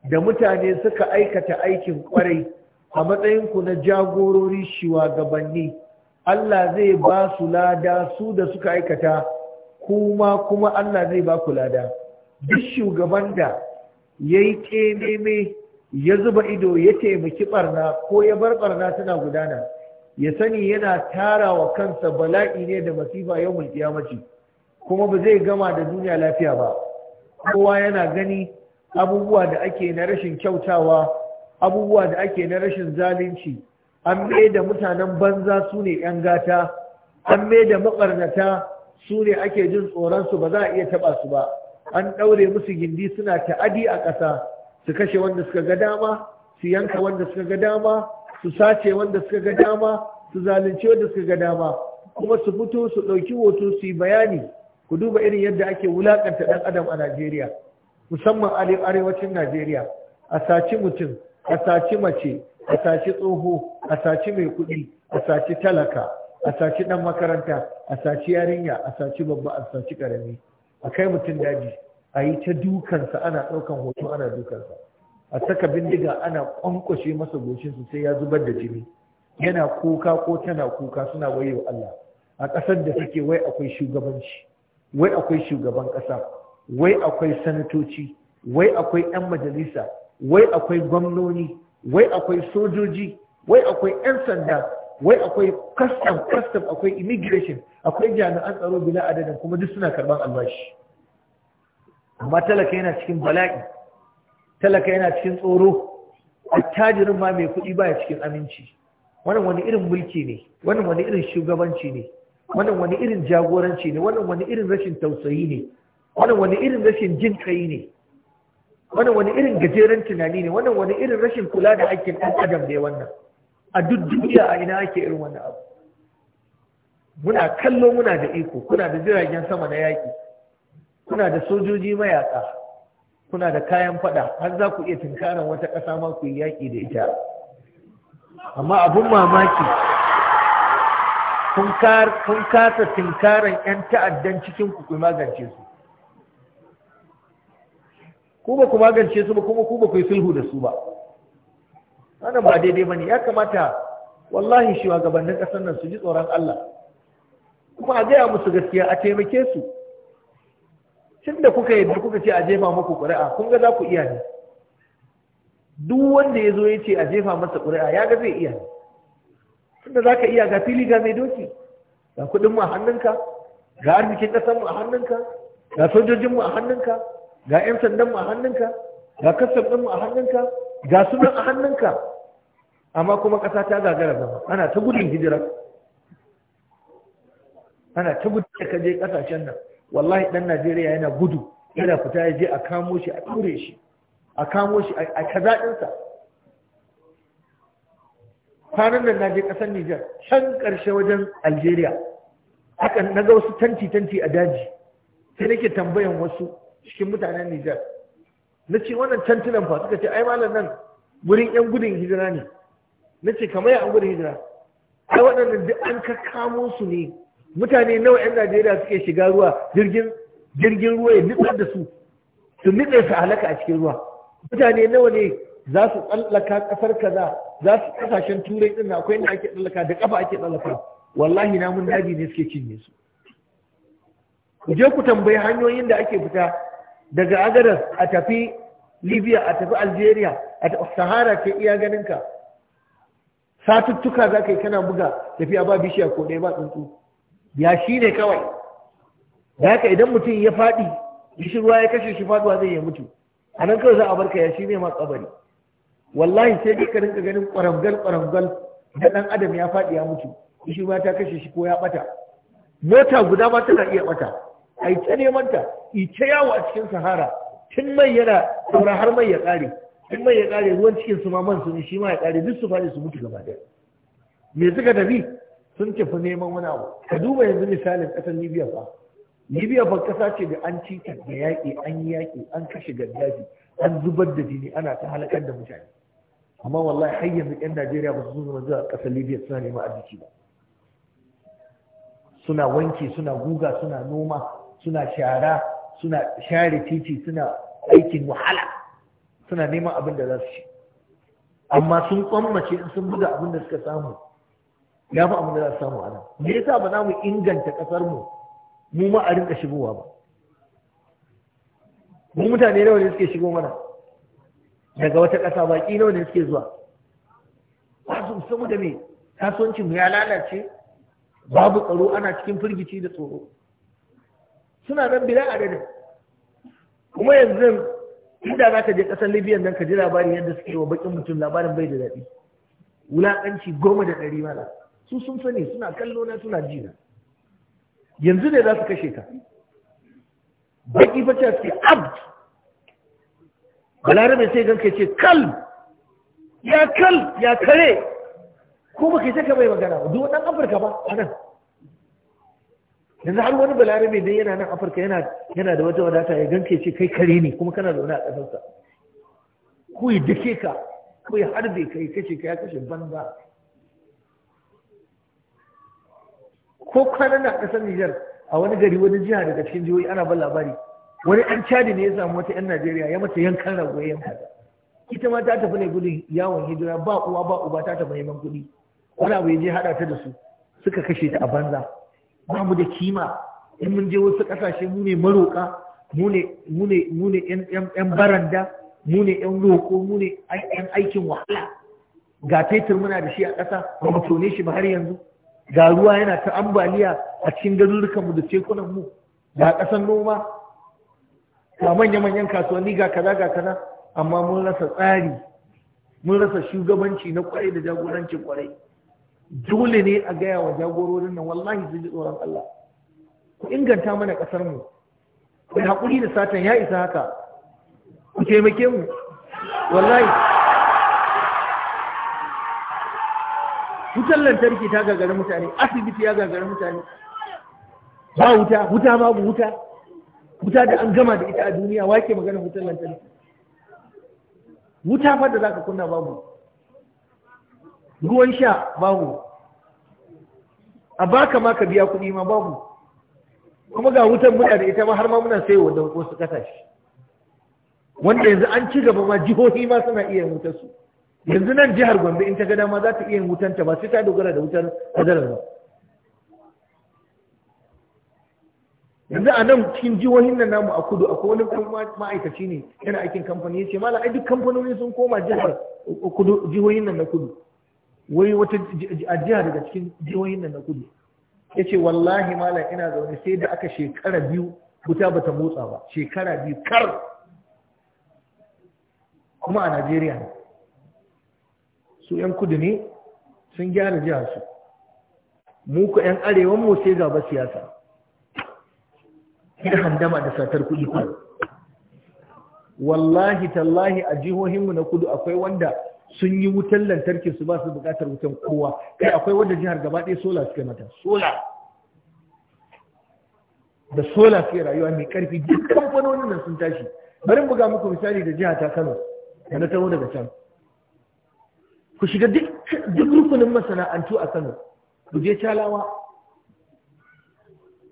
da mutane suka aikata aikin kwarai a matsayinku na jagorori shugabanni Allah zai ba su lada su da suka aikata kuma kuma Allah zai ba ku lada duk shugaban da ya yi kememe ya zuba ido ya taimaki ɓarna, ko ya bar ɓarna tana gudana ya sani yana tara wa kansa bala'i ne da masifa yau mai kiyamaci kuma ba zai gama da duniya lafiya ba kowa yana gani abubuwa da ake na rashin kyautawa abubuwa da ake na rashin zalunci an mai da mutanen banza su ne 'yan gata an mai da maɓarnata su ne ake jin tsoronsu ba za a iya taɓa su ba an ɗaure musu gindi suna ta'adi a ƙasa su kashe wanda suka ga dama su yanka wanda suka ga dama su sace wanda suka ga dama su zalunce wanda suka ga dama kuma su fito su ɗauki hoto su yi bayani ku duba irin yadda ake wulaƙanta ɗan adam a najeriya musamman arewacin najeriya a saci mutum a saci mace a saci tsoho a saci mai kuɗi a saci talaka a saci ɗan makaranta a saci yarinya a saci babba a saci ƙarami a kai mutum daji a yi ta dukansa ana ɗaukan hoto ana dukansa a saka bindiga ana kwankwashe masa goshinsu sai ya zubar da jini yana kuka ko tana kuka suna wayewa Allah a ƙasar da suke, wai akwai shugabanci wai akwai shugaban ƙasa wai akwai sanatoci wai akwai 'yan majalisa wai akwai gwamnoni wai akwai sojoji wai akwai 'yan sanda wai akwai custom custom akwai immigration akwai jami'an tsaro bila adadin kuma duk suna karban albashi amma talaka yana cikin bala'i talaka yana cikin tsoro attajirin ma mai kuɗi baya cikin aminci wannan wani irin mulki ne wannan wani irin shugabanci ne wannan wani irin jagoranci ne wannan wani irin rashin tausayi ne wannan wani irin rashin jin kai ne wannan wani irin gajeren tunani ne wannan wani irin rashin kula da hakkin ɗan adam ne wannan a duk duniya a ina ake irin wani abu muna kallo muna da iko kuna da jiragen sama na yaƙi kuna da sojoji mayaƙa kuna da kayan fada har za ku iya tunkarar wata ƙasa ma ku yi yaƙi da ita amma abun mamaki kun kasa tunkarar 'yan ta'addan cikin ku magance su ku ba ku magance su ba kuma ku ba ku yi sulhu da su ba wannan ba daidai bane ya kamata wallahi shi shugabannin ƙasar nan su ji tsoron Allah kuma a gaya musu gaskiya a taimake su tun da kuka da kuka ce a jefa muku ƙuri'a kun ga za ku iya ne duk wanda ya zo ya ce a jefa masa ƙuri'a ya ga zai iya ne za ka iya ga fili ga mai doki ga kuɗinmu a hannunka ga arzikin ƙasarmu a hannunka ga sojojinmu a hannunka ga 'yan sandanmu a hannunka ga kasar ɗinmu a hannunka ga su nan a hannunka amma kuma ƙasa ta gagara zama ana ta gudun hijira ana ta gudun da kaje ƙasashen nan wallahi ɗan najeriya yana gudu yana fita ya je a kamo shi a ɗure shi a kamo shi a kazaɗinsa kwanan nan na je ƙasar nijar can ƙarshe wajen algeria haka na ga wasu tanti-tanti a daji sai nake tambayan wasu cikin mutanen nijar na ce wannan tantunan fa suka ce ai malam nan wurin yan gudun hijira ne na ce kamar yan gudun hijira ai waɗannan duk an kakkamo su ne mutane nawa yan najeriya suke shiga ruwa jirgin jirgin ruwa ya nutsar da su su nutse su halaka a cikin ruwa mutane nawa ne za su tsallaka kasar kaza za su kasashen turai din akwai inda ake tsallaka da kafa ake tsallaka wallahi namun daji ne suke cinye su ku je ku tambayi hanyoyin da ake fita daga agadas a tafi libya a tafi algeria a tafi sahara ke iya ganinka satuttuka za ka yi kana buga tafiya ba bishiya ko ɗaya ba tsuntsu ya shi ne kawai da haka idan mutum ya faɗi ruwa ya kashe shi faɗuwa zai ya mutu a nan kawai za a barka ya shi ne ma kabari wallahi sai dai ka rinka ganin ƙwarangal ƙwarangal da ɗan adam ya faɗi ya mutu ruwa ta kashe shi ko ya ɓata mota guda ma tana iya ɓata a yi ta neman ta ita yawo a cikin sahara tun mai yana saura har mai ya ƙare Tun mai ya ƙare ruwan cikin su ma man su ne shi ma ya ƙare duk su faɗi su mutu gaba me suka tafi sun tafi neman wani abu ka duba yanzu misalin ƙasar libya fa libya fa ƙasa ce da an cita da yaƙi an yi yaƙi an kashe gaddafi an zubar da jini ana ta halakar da mutane amma wallahi har yanzu ƴan najeriya ba su zo zuwa ƙasar libya suna neman arziki ba suna wanki suna guga suna noma suna shara suna share titi suna aikin wahala suna neman abin da za su ci amma sun kwammace in sun buga abin da suka samu ya fi abin da za su samu ana me yasa ba za mu inganta kasar mu mu ma a rinka shigowa ba mu mutane nawa ne suke shigo mana daga wata ƙasa baƙi nawa ne suke zuwa ba su saboda me kasuwancin mu ya lalace babu tsaro ana cikin firgici da tsoro suna nan bila adadin kuma yanzu inda za ka je ƙasar libya nan ka ji labarin yadda suke wa bakin mutum labarin bai da daɗi wulaƙanci goma da ɗari mana su sun sani suna kallo na suna ji na yanzu ne za su kashe ka baki fa ce suke abd balarabe sai ganka ce kal ya kal ya kare ko baka yi ka bai magana ba duk ɗan afirka ba a nan yanzu har wani balarabe dai yana nan afirka yana da wata wadata ya ganke ce kai kare ne kuma kana zaune a ƙasarsa ko ya dake ka ko ya harbe kai kace ka ya kashe banza ko kwana na ƙasar Nijar a wani gari wani jiha daga cikin jihohi ana ban labari wani ɗan cadi ne ya samu wata 'yan Najeriya ya mata yankan rago yanka ita ma ta tafi ne gudun yawon hijira ba uwa ba uba ta tafi neman kuɗi wani abu ya je haɗa ta da su suka kashe ta a banza ba mu da kima in mun je wasu ƙasashe mu ne maroƙa mu ne yan baranda mu ne yan roko mu ne yan aikin wahala ga fetur muna da shi a ƙasa ba mu tone shi ba har yanzu ga ruwa yana ta ambaliya a cikin garurukan mu da tekunan mu ga ƙasan noma ga manya-manyan kasuwanni ga kaza ga kaza amma mun rasa tsari mun rasa shugabanci na kwarai da jagorancin kwarai dole ne a gaya wa jagororin nan wallahi sun ji tsoron Allah ku inganta mana ƙasar mu ku haƙuri da satan ya isa haka ku taimake mu wallahi wutar lantarki ta gagara mutane asibiti ya gagara mutane ba wuta wuta babu wuta wuta da an gama da ita a duniya wake magana wutar lantarki wuta fa da zaka kunna babu ruwan sha babu a baka ma ka biya kuɗi ma babu kuma ga wutan muna da ita ma har ma muna sai wa da wasu kasashe wanda yanzu an ci gaba ma jihohi ma suna iya wutar su yanzu nan jihar Gombe in ta ga dama za ta iya wutan ta ba sai ta dogara da wutar hadarar ba yanzu a nan cikin jihohin nan namu a kudu akwai wani ma'aikaci ne yana aikin kamfani ya ce mala ai duk kamfanoni sun koma jihar kudu jihohin nan na kudu wai wata jiha daga cikin jihohin nan na kudu ya ce wallahi malam ina zaune sai da aka shekara biyu wuta ba ta motsa ba shekara biyu kar kuma a najeriya ne su 'yan kudu ne sun gyara jihar su mu ku 'yan arewan mu sai gaba siyasa ina handama da satar kudi kudu wallahi tallahi a jihohinmu na kudu akwai wanda sun yi wutan lantarki su ba su bukatar wutan kowa kai akwai wanda jihar gaba ɗaya sola suke mata sola da sola suke rayuwa mai karfi duk kamfanonin nan sun tashi bari buga muku misali da jiha ta kano da na taho daga can ku shiga duk rukunin masana'antu a kano ku je calawa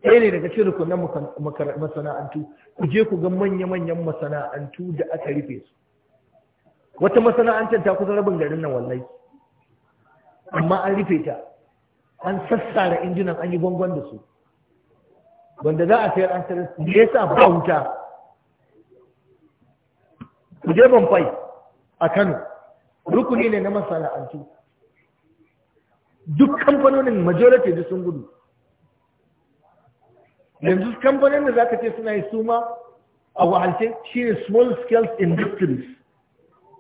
ɗaya ne daga cikin rukunin masana'antu ku je ku ga manya-manyan masana'antu da aka rufe su wata masana'antar ta kusa rabin garin nan wallai, amma an rufe ta an sassara injinan an yi gwangwan da su wanda za a sayar an sayar me yasa ba wuta ku je Bam-Fai a Kano rukuni ne na masana'antu duk kamfanonin majority da sun gudu yanzu kamfanin da za ka ce suna yi suma a wahalce ne small scale industries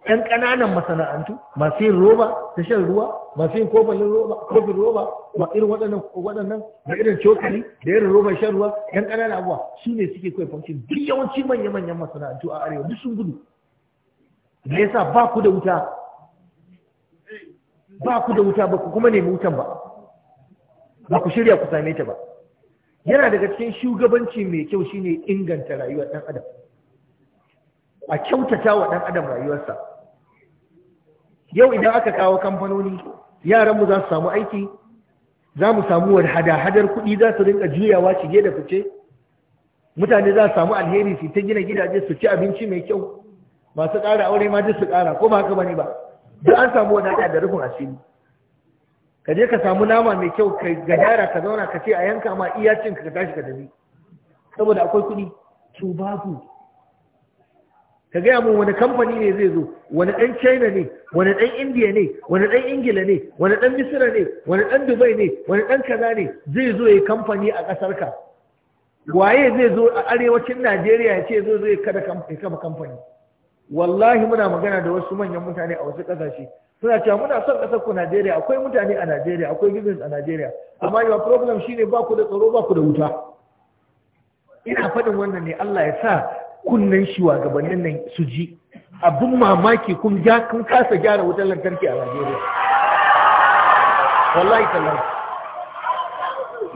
'yan ƙananan masana'antu masu yin roba da shan ruwa masu yin kofin roba kofin roba ma irin waɗannan waɗannan da irin cokali da irin roba shan ruwa 'yan ƙananan abuwa su ne suke kawai function duk yawanci manya-manyan masana'antu a arewa duk sun gudu me yasa ba ku da wuta ba ku da wuta ba ku kuma nemi wutan ba ba ku shirya ku same ta ba yana daga cikin shugabanci mai kyau shine inganta rayuwar ɗan adam a kyautata wa ɗan adam rayuwarsa yau idan aka kawo kamfanoni yaranmu za su samu aiki za mu samu hada-hadar kuɗi za su rinka juyawa shige da fice mutane za su samu alheri su ta gina gidaje su ci abinci mai kyau masu ƙara aure ma duk su ƙara ko ba haka bane ba duk an samu wadata da rufin asiri ka je ka samu nama mai kyau ka yara ka zauna ka ce a yanka ma iyacinka ka tashi ka tafi saboda akwai kuɗi to babu ka gaya mun wani kamfani ne zai zo wani ɗan china ne wani ɗan India ne wani ɗan ingila ne wani ɗan misira ne wani ɗan dubai ne wani ɗan kaza ne zai zo ya kamfani a ƙasar ka waye zai zo a arewacin najeriya ya ce zo zai kada kama kamfani wallahi muna magana da wasu manyan mutane a wasu ƙasashe suna cewa muna son ƙasar ku najeriya akwai mutane a najeriya akwai business a najeriya amma yawa problem shine ba ku da tsaro ba ku da wuta ina faɗin wannan ne allah ya sa kunnen gabanin nan su ji abin mamaki kun ja kun kasa gyara wutar lantarki a Najeriya wallahi tallahi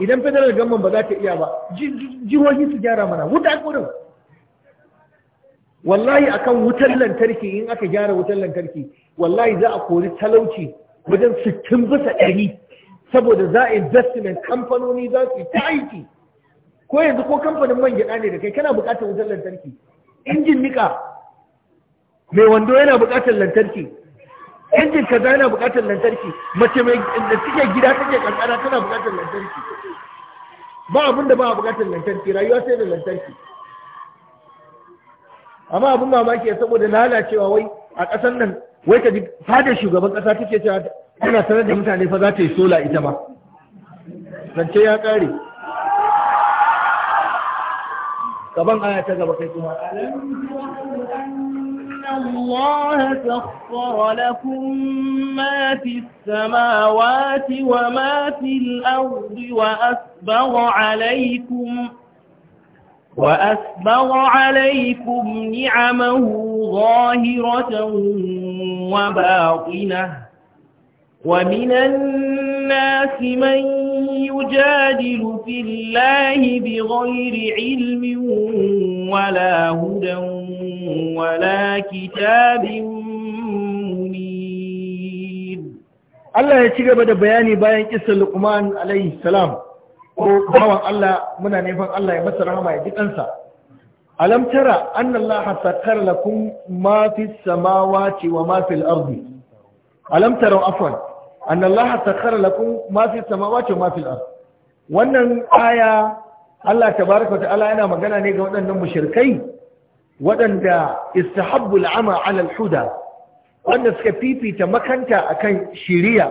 idan federal gamman ba za ta iya ba jihohi su gyara mana wuta don! wallahi akan wutar lantarki in aka gyara wutar lantarki wallahi za a kori talauci wajen 60 bisa 100 saboda za a investment kamfanoni za su ta aiki ko yanzu ko kamfanin man gyaɗa ne da kai kana buƙatar wutar lantarki injin niƙa mai wando yana buƙatar lantarki injin kaza yana buƙatar lantarki mace mai da take gida take ƙanƙara tana buƙatar lantarki ba abin da ba a buƙatar lantarki rayuwa sai da lantarki amma abin mamaki ya saboda lalacewa wai a ƙasar nan wai ka ji fadar shugaban ƙasa take cewa tana sanar da mutane fa za ta yi sola ita ba zance ya ƙare طبعا آية تقبل كيكما ألم أن الله سخر لكم ما في السماوات وما في الأرض وأسبغ عليكم وأسبغ عليكم نعمه ظاهرة وباطنة ومن الناس من يجادل في الله بغير علم ولا هدى ولا كتاب منير الله يتجب ده بياني بيان قصة لقمان عليه السلام bawan Allah muna neman Allah ya masa rahma ya ji Alamtara alam tara anna Allah sakkar lakum wa ma fil ardi alam anna allaha sakhara lakum ma fi samawati wa ma fil ard wannan aya Allah tabaraka ta'ala yana magana ne ga waɗannan mushrikai waɗanda istahabbu al'ama 'ala al-huda wanda suka fifita makanta akan shiriya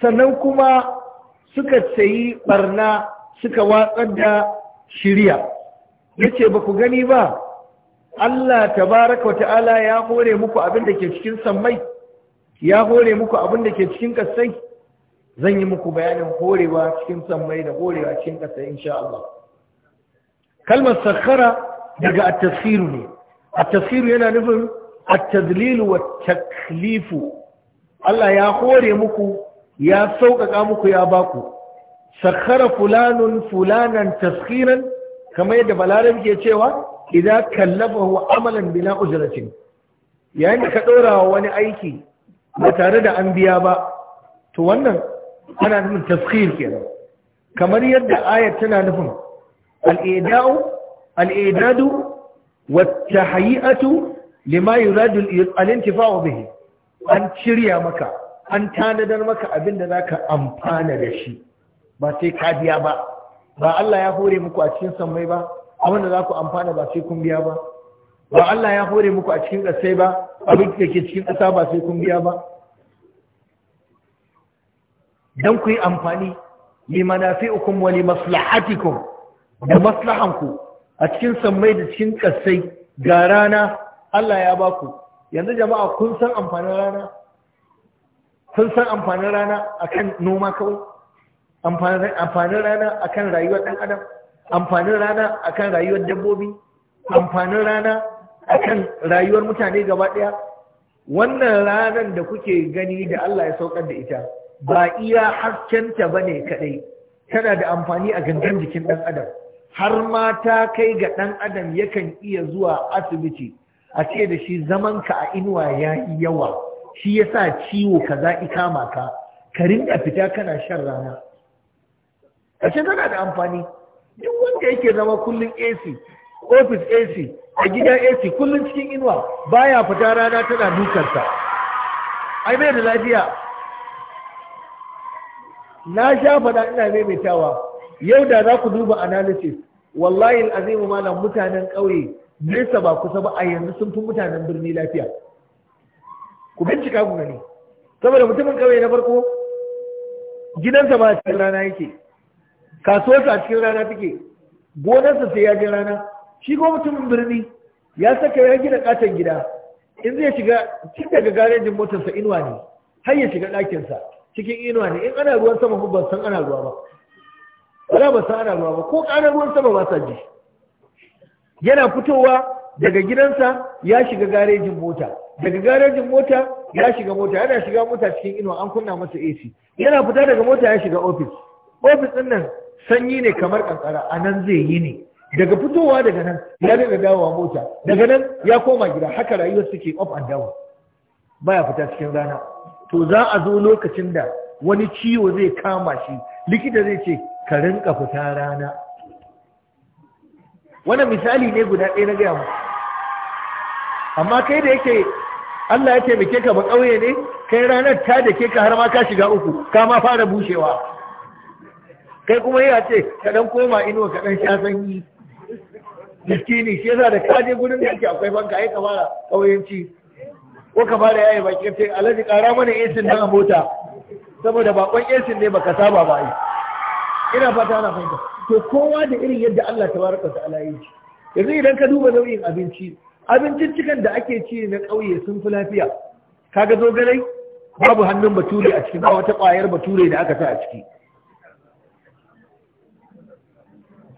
sannan kuma suka sayi barna suka watsar da shiriya yace ba ku gani ba Allah tabaraka ta'ala ya hore muku abin da ke cikin samai. ya hore muku abin da ke cikin kasai zan yi muku bayanin horewa cikin sammai da horewa cikin kasai insha Allah kalmar sakhara daga at tasiru ne at tasiru yana nufin at-tadlil wa taklif Allah ya hore muku ya sauƙaƙa muku ya baku Sakara fulanun fulanan tasxiran kamar yadda balarabi ke cewa idza kallabahu amalan bila ujratin yayin da ka ɗora wani aiki ba tare da an biya ba to wannan ana nufin tafkhir kenan kamar yadda ayat tana nufin al-i'da'u al-i'dadu lima yuradu al bihi an shirya maka an tanadar maka abin da zaka amfana da shi ba sai ka biya ba ba Allah ya hore muku a cikin sammai ba abin da zaku amfana ba sai kun biya ba ba Allah ya hore muku a cikin ƙasai ba abin da ke cikin ƙasa ba sai kun biya ba don ku yi amfani li manafi wa li maslahatikum da maslahanku a cikin sammai da cikin ƙasai ga rana Allah ya ba ku yanzu jama'a kun san amfanin rana kun san amfanin rana akan noma kawai amfanin rana akan rayuwar ɗan adam amfanin rana akan rayuwar dabbobi amfanin rana akan rayuwar mutane gaba ɗaya wannan ranar da kuke gani da Allah ya saukar da ita ba iya haskenta ba ne kaɗai tana da amfani a gangan jikin ɗan adam har ma ta kai ga ɗan adam yakan iya zuwa asibiti a ce da shi zaman ka a inuwa ya yi yawa shi ya sa ciwo ka za kama ka ka da fita kana shan rana ƙarshe tana da amfani duk wanda yake zama kullum AC ofis AC a gida AC kullum cikin inuwa baya fita rana tana dukarsa ai mai da lafiya na sha faɗa ina maimaitawa yau da za ku duba analysis wallahi azimu malam mutanen ƙauye nesa ba kusa ba a yanzu sun fi mutanen birni lafiya ku bincika ku gani saboda mutumin ƙauye na farko gidansa ba a cikin rana yake kasuwarsa a cikin rana take gonarsa sai ya rana shi ko mutumin birni ya saka ya gina katon gida in zai shiga cikin daga garejin motarsa inuwa ne har ya shiga ɗakinsa cikin inuwa ne in ana ruwan sama ba san ana ruwa ba Ba ba san ana ruwa ba ko ƙarar ruwan sama ba sa ji yana fitowa daga gidansa ya shiga garejin mota daga garejin mota ya shiga mota yana shiga mota cikin inuwa an kunna masa AC yana fita daga mota ya shiga ofis ofis ɗin nan sanyi ne kamar kankara a nan zai yi ne daga fitowa daga nan ya daga dawowa mota daga nan ya koma gida haka rayuwar suke up and down baya fita cikin rana to za a zo lokacin da wani ciwo zai kama shi likita zai ce ka rinka fita rana Wani misali ne guda ɗaya na gaya mu amma kai da yake Allah ya taimake ka ba ƙauye ne kai ranar ta da ke ka har ma ka shiga uku ka ma fara bushewa kai kuma ya ce ka ɗan koma inuwa ka dan sha sanyi miskini shi yasa da kaje gudun da ake akwai banka, ai kamara kauyanci ko kamara yayi baki sai alaji kara mana esin nan mota saboda bakon esin ne baka saba ba ai ina fata na fahimta to kowa da irin yadda Allah tabaraka ta yi yanzu idan ka duba nau'in abinci abincin cikin da ake ci na kauye sun fi lafiya kaga zogalai babu hannun bature a cikin ba wata kwayar bature da aka sa a ciki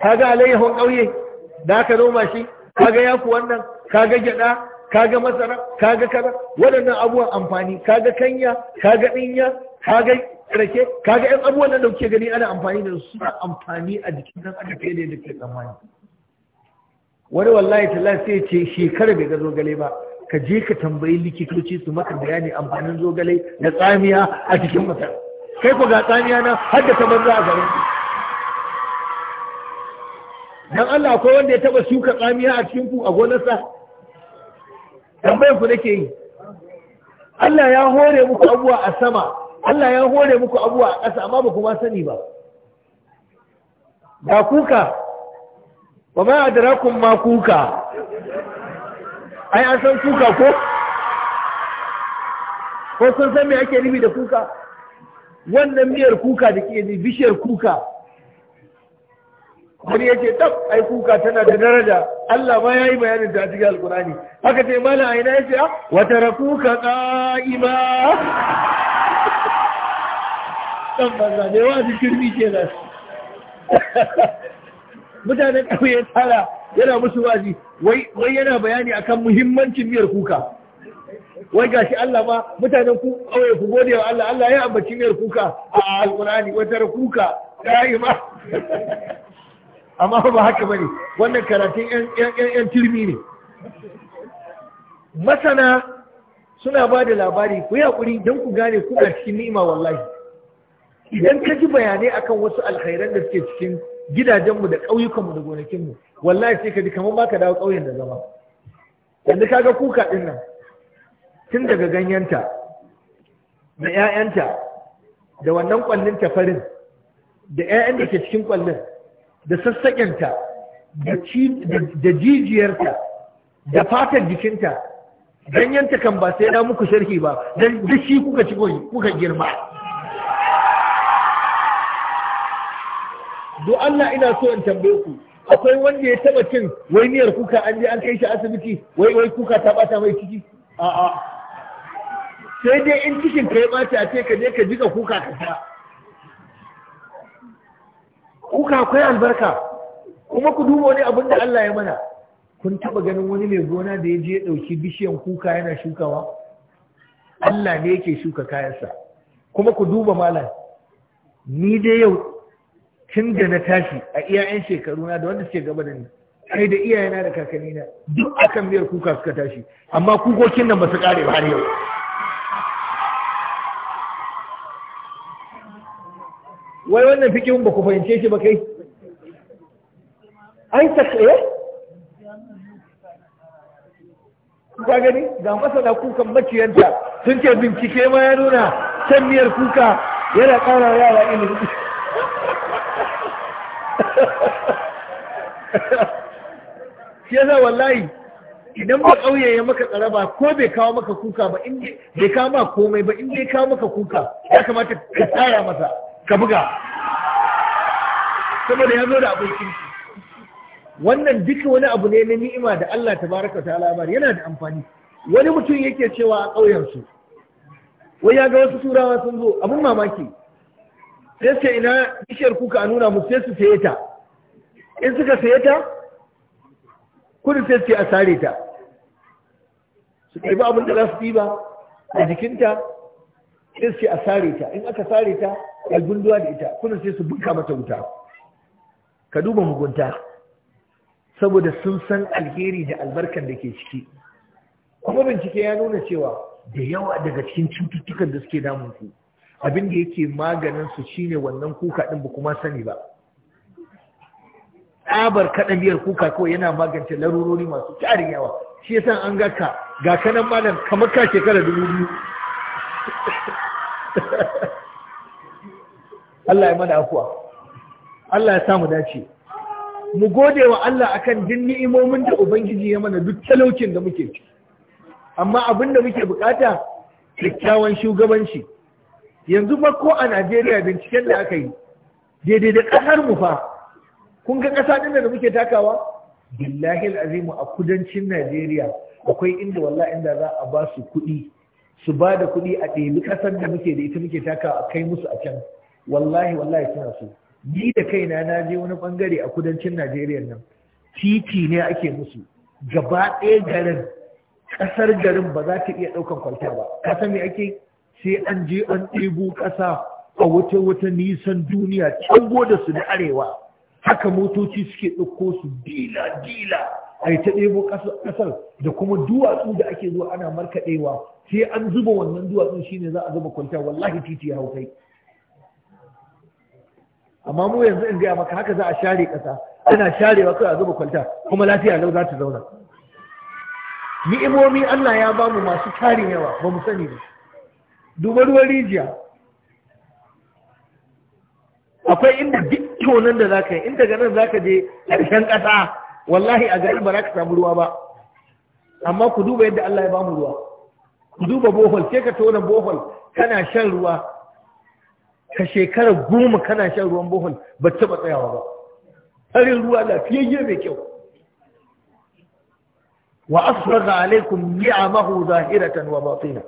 kaga alayyahon kauye da aka noma shi kaga yaku wannan kaga gyada kaga masara kaga kaza waɗannan abubuwan amfani kaga kanya kaga dinya kaga rake kaga yan abubuwan nan da kuke gani ana amfani da su suna amfani a jikin dan adam fiye da yadda kuke tsammani wani wallahi tallahi sai ce shekara bai ga zogale ba ka je ka tambayi likitoci su maka bayani amfanin zogale na tsamiya a cikin masara kai ku ga tsamiya na har da ta banza a garin dan Allah akwai wanda ya taba shuka tsamiya a cikin ku a gonarsa tambayar ku nake yi Allah ya hore muku abuwa a sama Allah ya hore muku abuwa a ƙasa amma ba ku ma sani ba ga kuka ba ma adrakum ma kuka ai an san kuka ko ko sun san me ake nufi da kuka wannan miyar kuka da ke bishiyar kuka wani yake tab ai kuka tana da daraja Allah ma yayi bayanin da cikin alqurani haka sai mala aina ya ce a ah, wata rakuka qa'ima dan banza ne wa ji kirmi kenan mutanen ƙauye tsara yana musu wazi wai yana bayani akan muhimmancin miyar kuka wai gashi Allah ma mutanen ku ƙauye ku gode wa Allah Allah ya ambaci miyar kuka a alƙur'ani wata kuka qaima amma ba haka bane wannan karatun yan turmi ne masana suna ba da labari ku hakuri don ku gane kuna cikin ni'ima wallahi idan ka ji bayanai akan wasu alkhairan da suke cikin gidajenmu da ƙauyukanmu da gonakinmu wallahi sai ka ji kamar ba ka dawo ƙauyen da zama yanzu ka ga kuka ɗin nan tun daga ganyenta da 'ya'yanta da wannan ƙwallon tafarin da 'ya'yan da ke cikin kwallin. da sassaƙinta da jijiyarta da fatar jikinta ganyenta kan ba sai na muku sharhi ba don shi kuka ci kuka girma do Allah ina so in tambaye ku akwai wanda ya taba cin wainiyar kuka an je an kai shi asibiti wai wai kuka ta bata mai ciki a'a sai dai in cikin ka ya bata ce ka je ka jika kuka ka kuka akwai albarka kuma ku duba wani abin da Allah ya mana kun taba ganin wani mai gona da ya je ya ɗauki bishiyan kuka yana shukawa Allah ne yake shuka kayansa kuma ku duba malam ni dai yau tun da na tashi a iyayen shekaru na da wanda suke gaba da ni kai da iyayena da kakanni na, duk akan miyar kuka suka tashi amma kukokin nan ba su kare ba har yau wai wannan fikin ba ku fahimce shi ba kai an takaye eh? kuka gani ga masana kukan maciyanta sun ce bincike ma ya nuna can miyar kuka yana ƙara yara ilimi shi yasa wallahi idan ba kauye ya maka tsaraba ko bai kawo maka kuka ba in bai kawo maka komai ba in ya kawo maka kuka ya kamata ka tsara masa ka buga saboda ya zo da abin kirki wannan duka wani abu ne na ni'ima da Allah ta baraka ta labar yana da amfani wani mutum yake cewa a ƙauyensu wai ya ga wasu turawa sun zo abin mamaki sai ce ina bishiyar kuka a nuna musu sai su saye ta in suka saye ta kudu sai su a sare ta su ba abin da za su ɗiba a jikinta sai su a sare ta in aka sare ta ya gunduwa da ita kuna sai su buka mata wuta ka duba mugunta saboda sun san alheri da albarkar da ke ciki kuma bincike ya nuna cewa da yawa daga cikin cututtukan da suke damun ku abin da yake maganin su shine wannan kuka din ba kuma sani ba tsabar kaɗabiyar kuka kawai yana magance larurori masu tarin yawa shi yasa an ga ka ga kanan malam kamar ka shekara dubu biyu Allah ya mana akuwa Allah ya samu dace mu gode wa Allah akan jin ni'imomin da ubangiji ya mana duk talaucin da muke ciki amma abin da muke bukata kyakkyawan shugabanci yanzu ba ko a Najeriya binciken da aka yi daidai da kasar mu fa kun ga kasa din da muke takawa billahi alazim a kudancin Najeriya akwai inda wallahi inda za a ba su kuɗi su ba da kuɗi a ɗebi ƙasar da muke da ita muke taka a kai musu a can wallahi wallahi suna so ni da kaina na je wani bangare a kudancin najeriya nan titi ne ake musu gaba ɗaya garin ƙasar garin ba za ta iya ɗaukan kwalta ba ƙasa me ake sai an je an ɗebo ƙasa a wata wata nisan duniya can da su da arewa haka motoci suke ɗauko su dila dila a ta ɗebo ƙasar da kuma duwatsu da ake zuwa ana markaɗewa sai an zuba wannan duwatsun shine za a zuba kwanta wallahi titi ya haukai amma mu yanzu in gaya maka haka za a share ƙasa ana sharewa kawai a zuba kwanta kuma lafiya lau za ta zauna ni'imomi Allah ya ba mu masu tarin yawa ba mu sani ba duba ruwan rijiya akwai inda duk tonan da za ka yi inda ganin ka je ƙarshen ƙasa wallahi a garin ba za ka samu ruwa ba amma ku duba yadda Allah ya bamu ruwa ku duba bohol sai ka tona bohol kana shan ruwa ka shekara goma kana shan ruwan bohol ba taba tsayawa ba harin ruwa lafiyayye mai kyau wa asraga alaikum ni'amahu zahiratan wa batina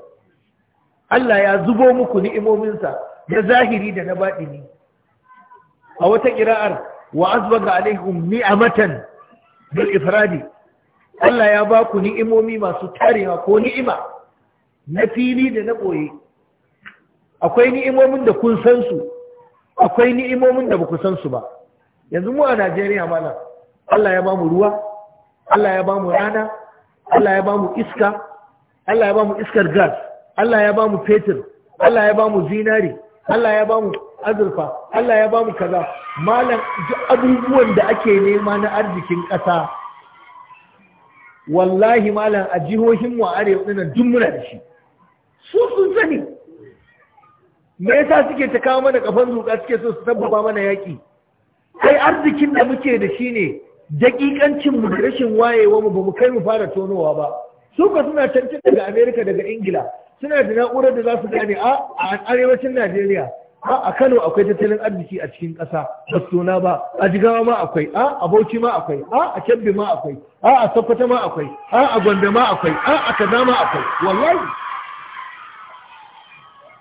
Allah ya zubo muku ni'imominsa na zahiri da na baɗini a wata ƙira'ar wa asraga alaikum ni'amatan bil ifradi Allah ya ba ku ni'imomi masu tarewa ko ni'ima na fili da na ɓoye akwai ni'imomin da kun san su akwai ni'imomin da baku san su ba yanzu mu a Najeriya mana Allah ya ba mu ruwa Allah ya ba mu rana Allah ya ba mu iska Allah ya ba mu iskar gas Allah ya ba mu fetur Allah ya ba mu zinari Allah ya ba mu azurfa Allah ya bamu kaza malam duk abubuwan da ake nema na arzikin ƙasa wallahi malam a jihohin mu arewa dinan duk muna da shi su sun sani me yasa suke ta kawo mana kafan zuƙa suke so su tabbata mana yaƙi kai arzikin da muke da shi ne daƙiƙancin mu da rashin wayewa mu bamu kai mu fara tonowa ba su ka suna cancin daga Amerika daga Ingila suna da na'urar da za su gane a arewacin Najeriya a Kano akwai tattalin arziki a cikin ƙasa Bastona ba a Jigawa ma akwai a a Bauchi ma akwai a a Kebbi ma akwai a a Sokoto ma akwai a a Gombe ma akwai a a Kaza ma akwai wallahi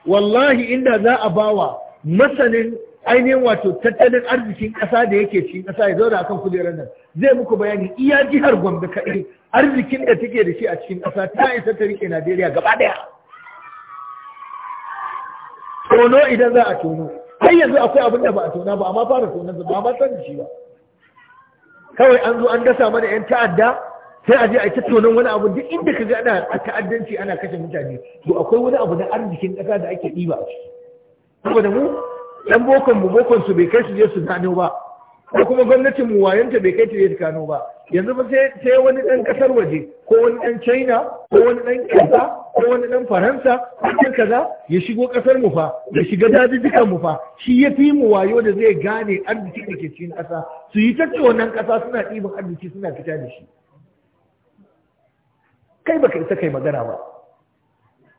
wallahi inda za a ba wa masanin ainihin wato tattalin arzikin ƙasa da yake cikin ƙasa ya zauna kan kujerar nan zai muku bayani iya jihar Gombe kaɗai arzikin da take da shi a cikin ƙasa ta isa ta rike Najeriya gaba ɗaya tono idan za a tono har yanzu akwai abin da ba a tona ba amma fara tonon ba ba san shi ba kawai an zo an dasa mana yan ta'adda sai a je a ta tonon wani abu duk inda ka ga ana ta'addanci ana kashe mutane to akwai wani abu na arzikin ƙasa da ake ɗiba a ciki saboda mu dan bokon mu bokon su bai kai su je su gano ba ko kuma gwamnatin mu wayanta bai kai ta je su gano ba yanzu ba sai wani ɗan kasar waje ko wani ɗan china ko wani ɗan ƙasa, ko wani ɗan faransa ɗan kaza ya shigo ƙasar mu fa ya shiga dajijjikan mu fa shi ya fi mu wayo da zai gane arziki da ke cikin ƙasa su yi tacce wannan ƙasa suna ɗiban arziki suna fita da shi kai baka isa kai magana ba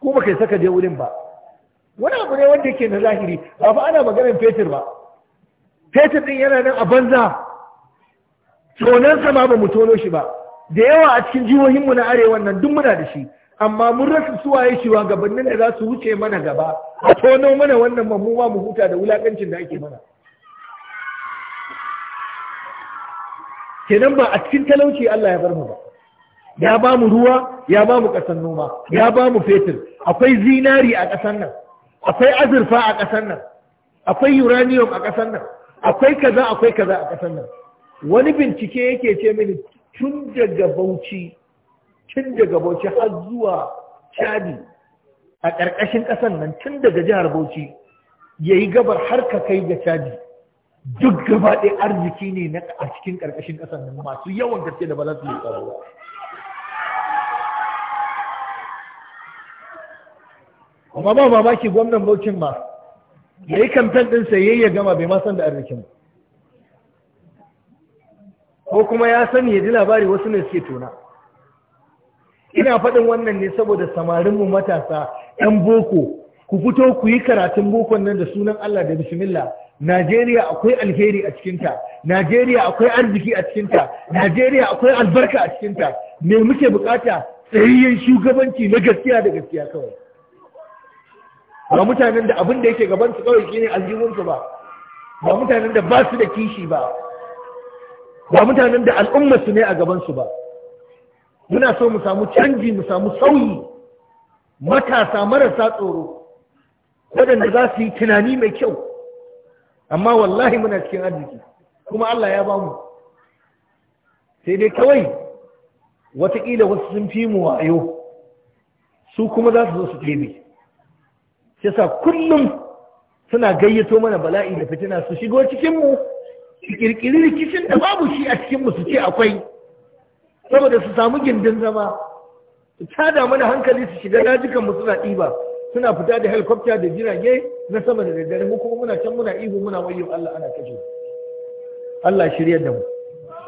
ko baka isa ka je wurin ba wani abu ne wanda yake na zahiri ba fa ana maganar fetur ba fetur ɗin yana nan a banza tonansa ma ba mu tono shi ba da yawa a cikin jihohinmu na arewan nan duk muna da shi amma mun rasa suwaye gabanin da za su wuce mana gaba a tono mana wannan mamuma mu huta da wulakancin da ake mana kenan ba a cikin talauci Allah ya bar mu ba ya ba mu ruwa ya ba mu ƙasar noma ya ba mu fetur akwai zinari a ƙasar nan akwai azurfa a ƙasar nan akwai uranium a ƙasar nan akwai kaza akwai kaza a ƙasar nan wani bincike yake ce mini tun daga bauchi tun daga bauchi har zuwa chadi a ƙarƙashin ƙasar nan tun daga jihar bauchi ya yi gabar har ka kai ga chadi duk gaba ɗaya arziki ne na a cikin ƙarƙashin ƙasar nan masu yawan gaske da ba za tsaro amma ba mamaki gwamnan bauchin ma ya yi kamfen ɗinsa ya gama bai ma san da arzikin ba ko kuma ya sani ya ji labari wasu ne suke tona ina faɗin wannan ne saboda samarinmu matasa 'yan boko ku fito ku yi karatun bokon nan da sunan Allah da bismillah Najeriya akwai alheri a cikinta Najeriya akwai arziki a cikinta Najeriya akwai albarka a cikinta me muke bukata tsayayyen shugabanci na gaskiya da gaskiya kawai ba mutanen da abin da yake gaban su kawai shine aljihunsu ba ba mutanen da ba su da kishi ba ba mutanen da su ne a gabansu ba muna so mu samu canji mu samu sauyi matasa marasa tsoro waɗanda za su yi tunani mai kyau amma wallahi muna cikin arziki kuma Allah ya bamu sai dai kawai watakila wasu sun fi mu wayo su kuma za su zo su ɗebe shi sa kullum suna gayyato mana bala'i da fitina su shigo cikinmu su kirkiri rikicin da babu shi a cikin su ce akwai saboda su samu gindin zama su tada mana hankali su shiga dajikan mu suna ɗiba suna fita da helikwafta da jirage na sama da daddare mu kuma muna can muna ihu muna wayo Allah ana kaje Allah shirya da mu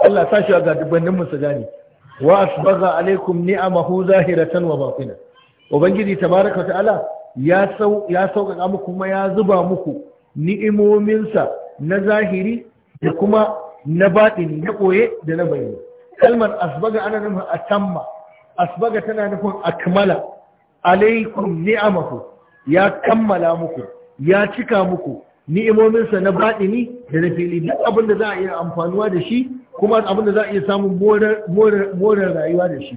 Allah sa shi ga dubannin mu su gane wa asbagha alaikum ni'amahu zahiratan wa batina ubangiji tabaraka wa ta'ala ya sau ya sauka muku kuma ya zuba muku ni'imominsa na zahiri da kuma na baɗini na ɓoye da na bayyana kalmar asbaga ana nufin a tamma asbaga tana nufin a akmala alaikum ni'amahu ya kammala muku ya cika muku ni'imominsa na baɗi baɗini da na fili duk abin da za a iya amfanuwa da shi kuma abin da za a iya samun morar rayuwa da shi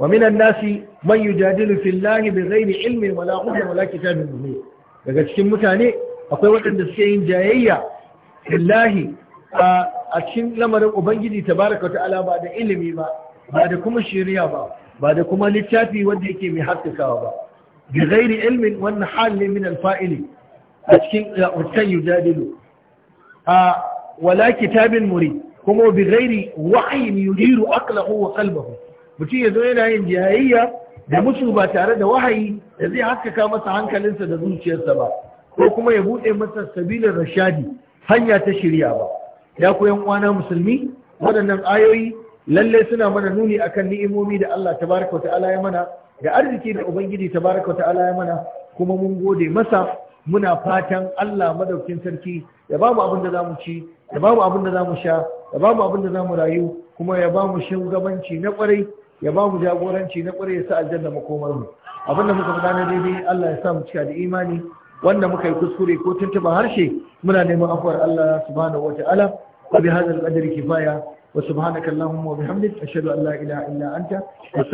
ومن الناس من يجادل في الله بغير علم ولا قدر ولا كتاب منير daga cikin mutane akwai waɗanda suke yin jayayya billahi a cikin lamarin ubangiji tabaraka baraka ta'ala ba da ilimi ba ba da kuma shari'a ba ba da kuma littafi wanda yake mai haskakawa ba bi ghairi ilmin wannan halin min alfa'ili a cikin wutan yujadilu a wala kitabin muri kuma bi ghairi wa'yin yudiru aqlahu wa qalbahu mutum yazo yana yin jayayya da mutu ba tare da wahayi da zai haskaka masa hankalinsa da zuciyarsa ba ko kuma ya buɗe masa sabilin rashadi hanya ta shirya ba ya koyan uwana musulmi waɗannan ayoyi lalle suna mana nuni akan ni'imomi da Allah tabaraka wa ta'ala ya mana da arziki da ubangiji tabaraka wa ta'ala ya mana kuma mun gode masa muna fatan Allah madaukin sarki ya ba mu abin da zamu ci ya ba mu abin da zamu sha ya ba mu abin da zamu rayu kuma ya ba mu shugabanci na kwarai ya ba mu jagoranci na kwarai ya sa aljanna makomar mu abin da muka faɗa na daidai Allah ya sa mu cika da imani wanda muka yi kuskure ko tuntuba harshe muna neman afuwar Allah subhanahu wa ta'ala wa bi hadha qadri kifaya wa subhanaka allahumma wa bihamdika ashhadu an la ilaha illa anta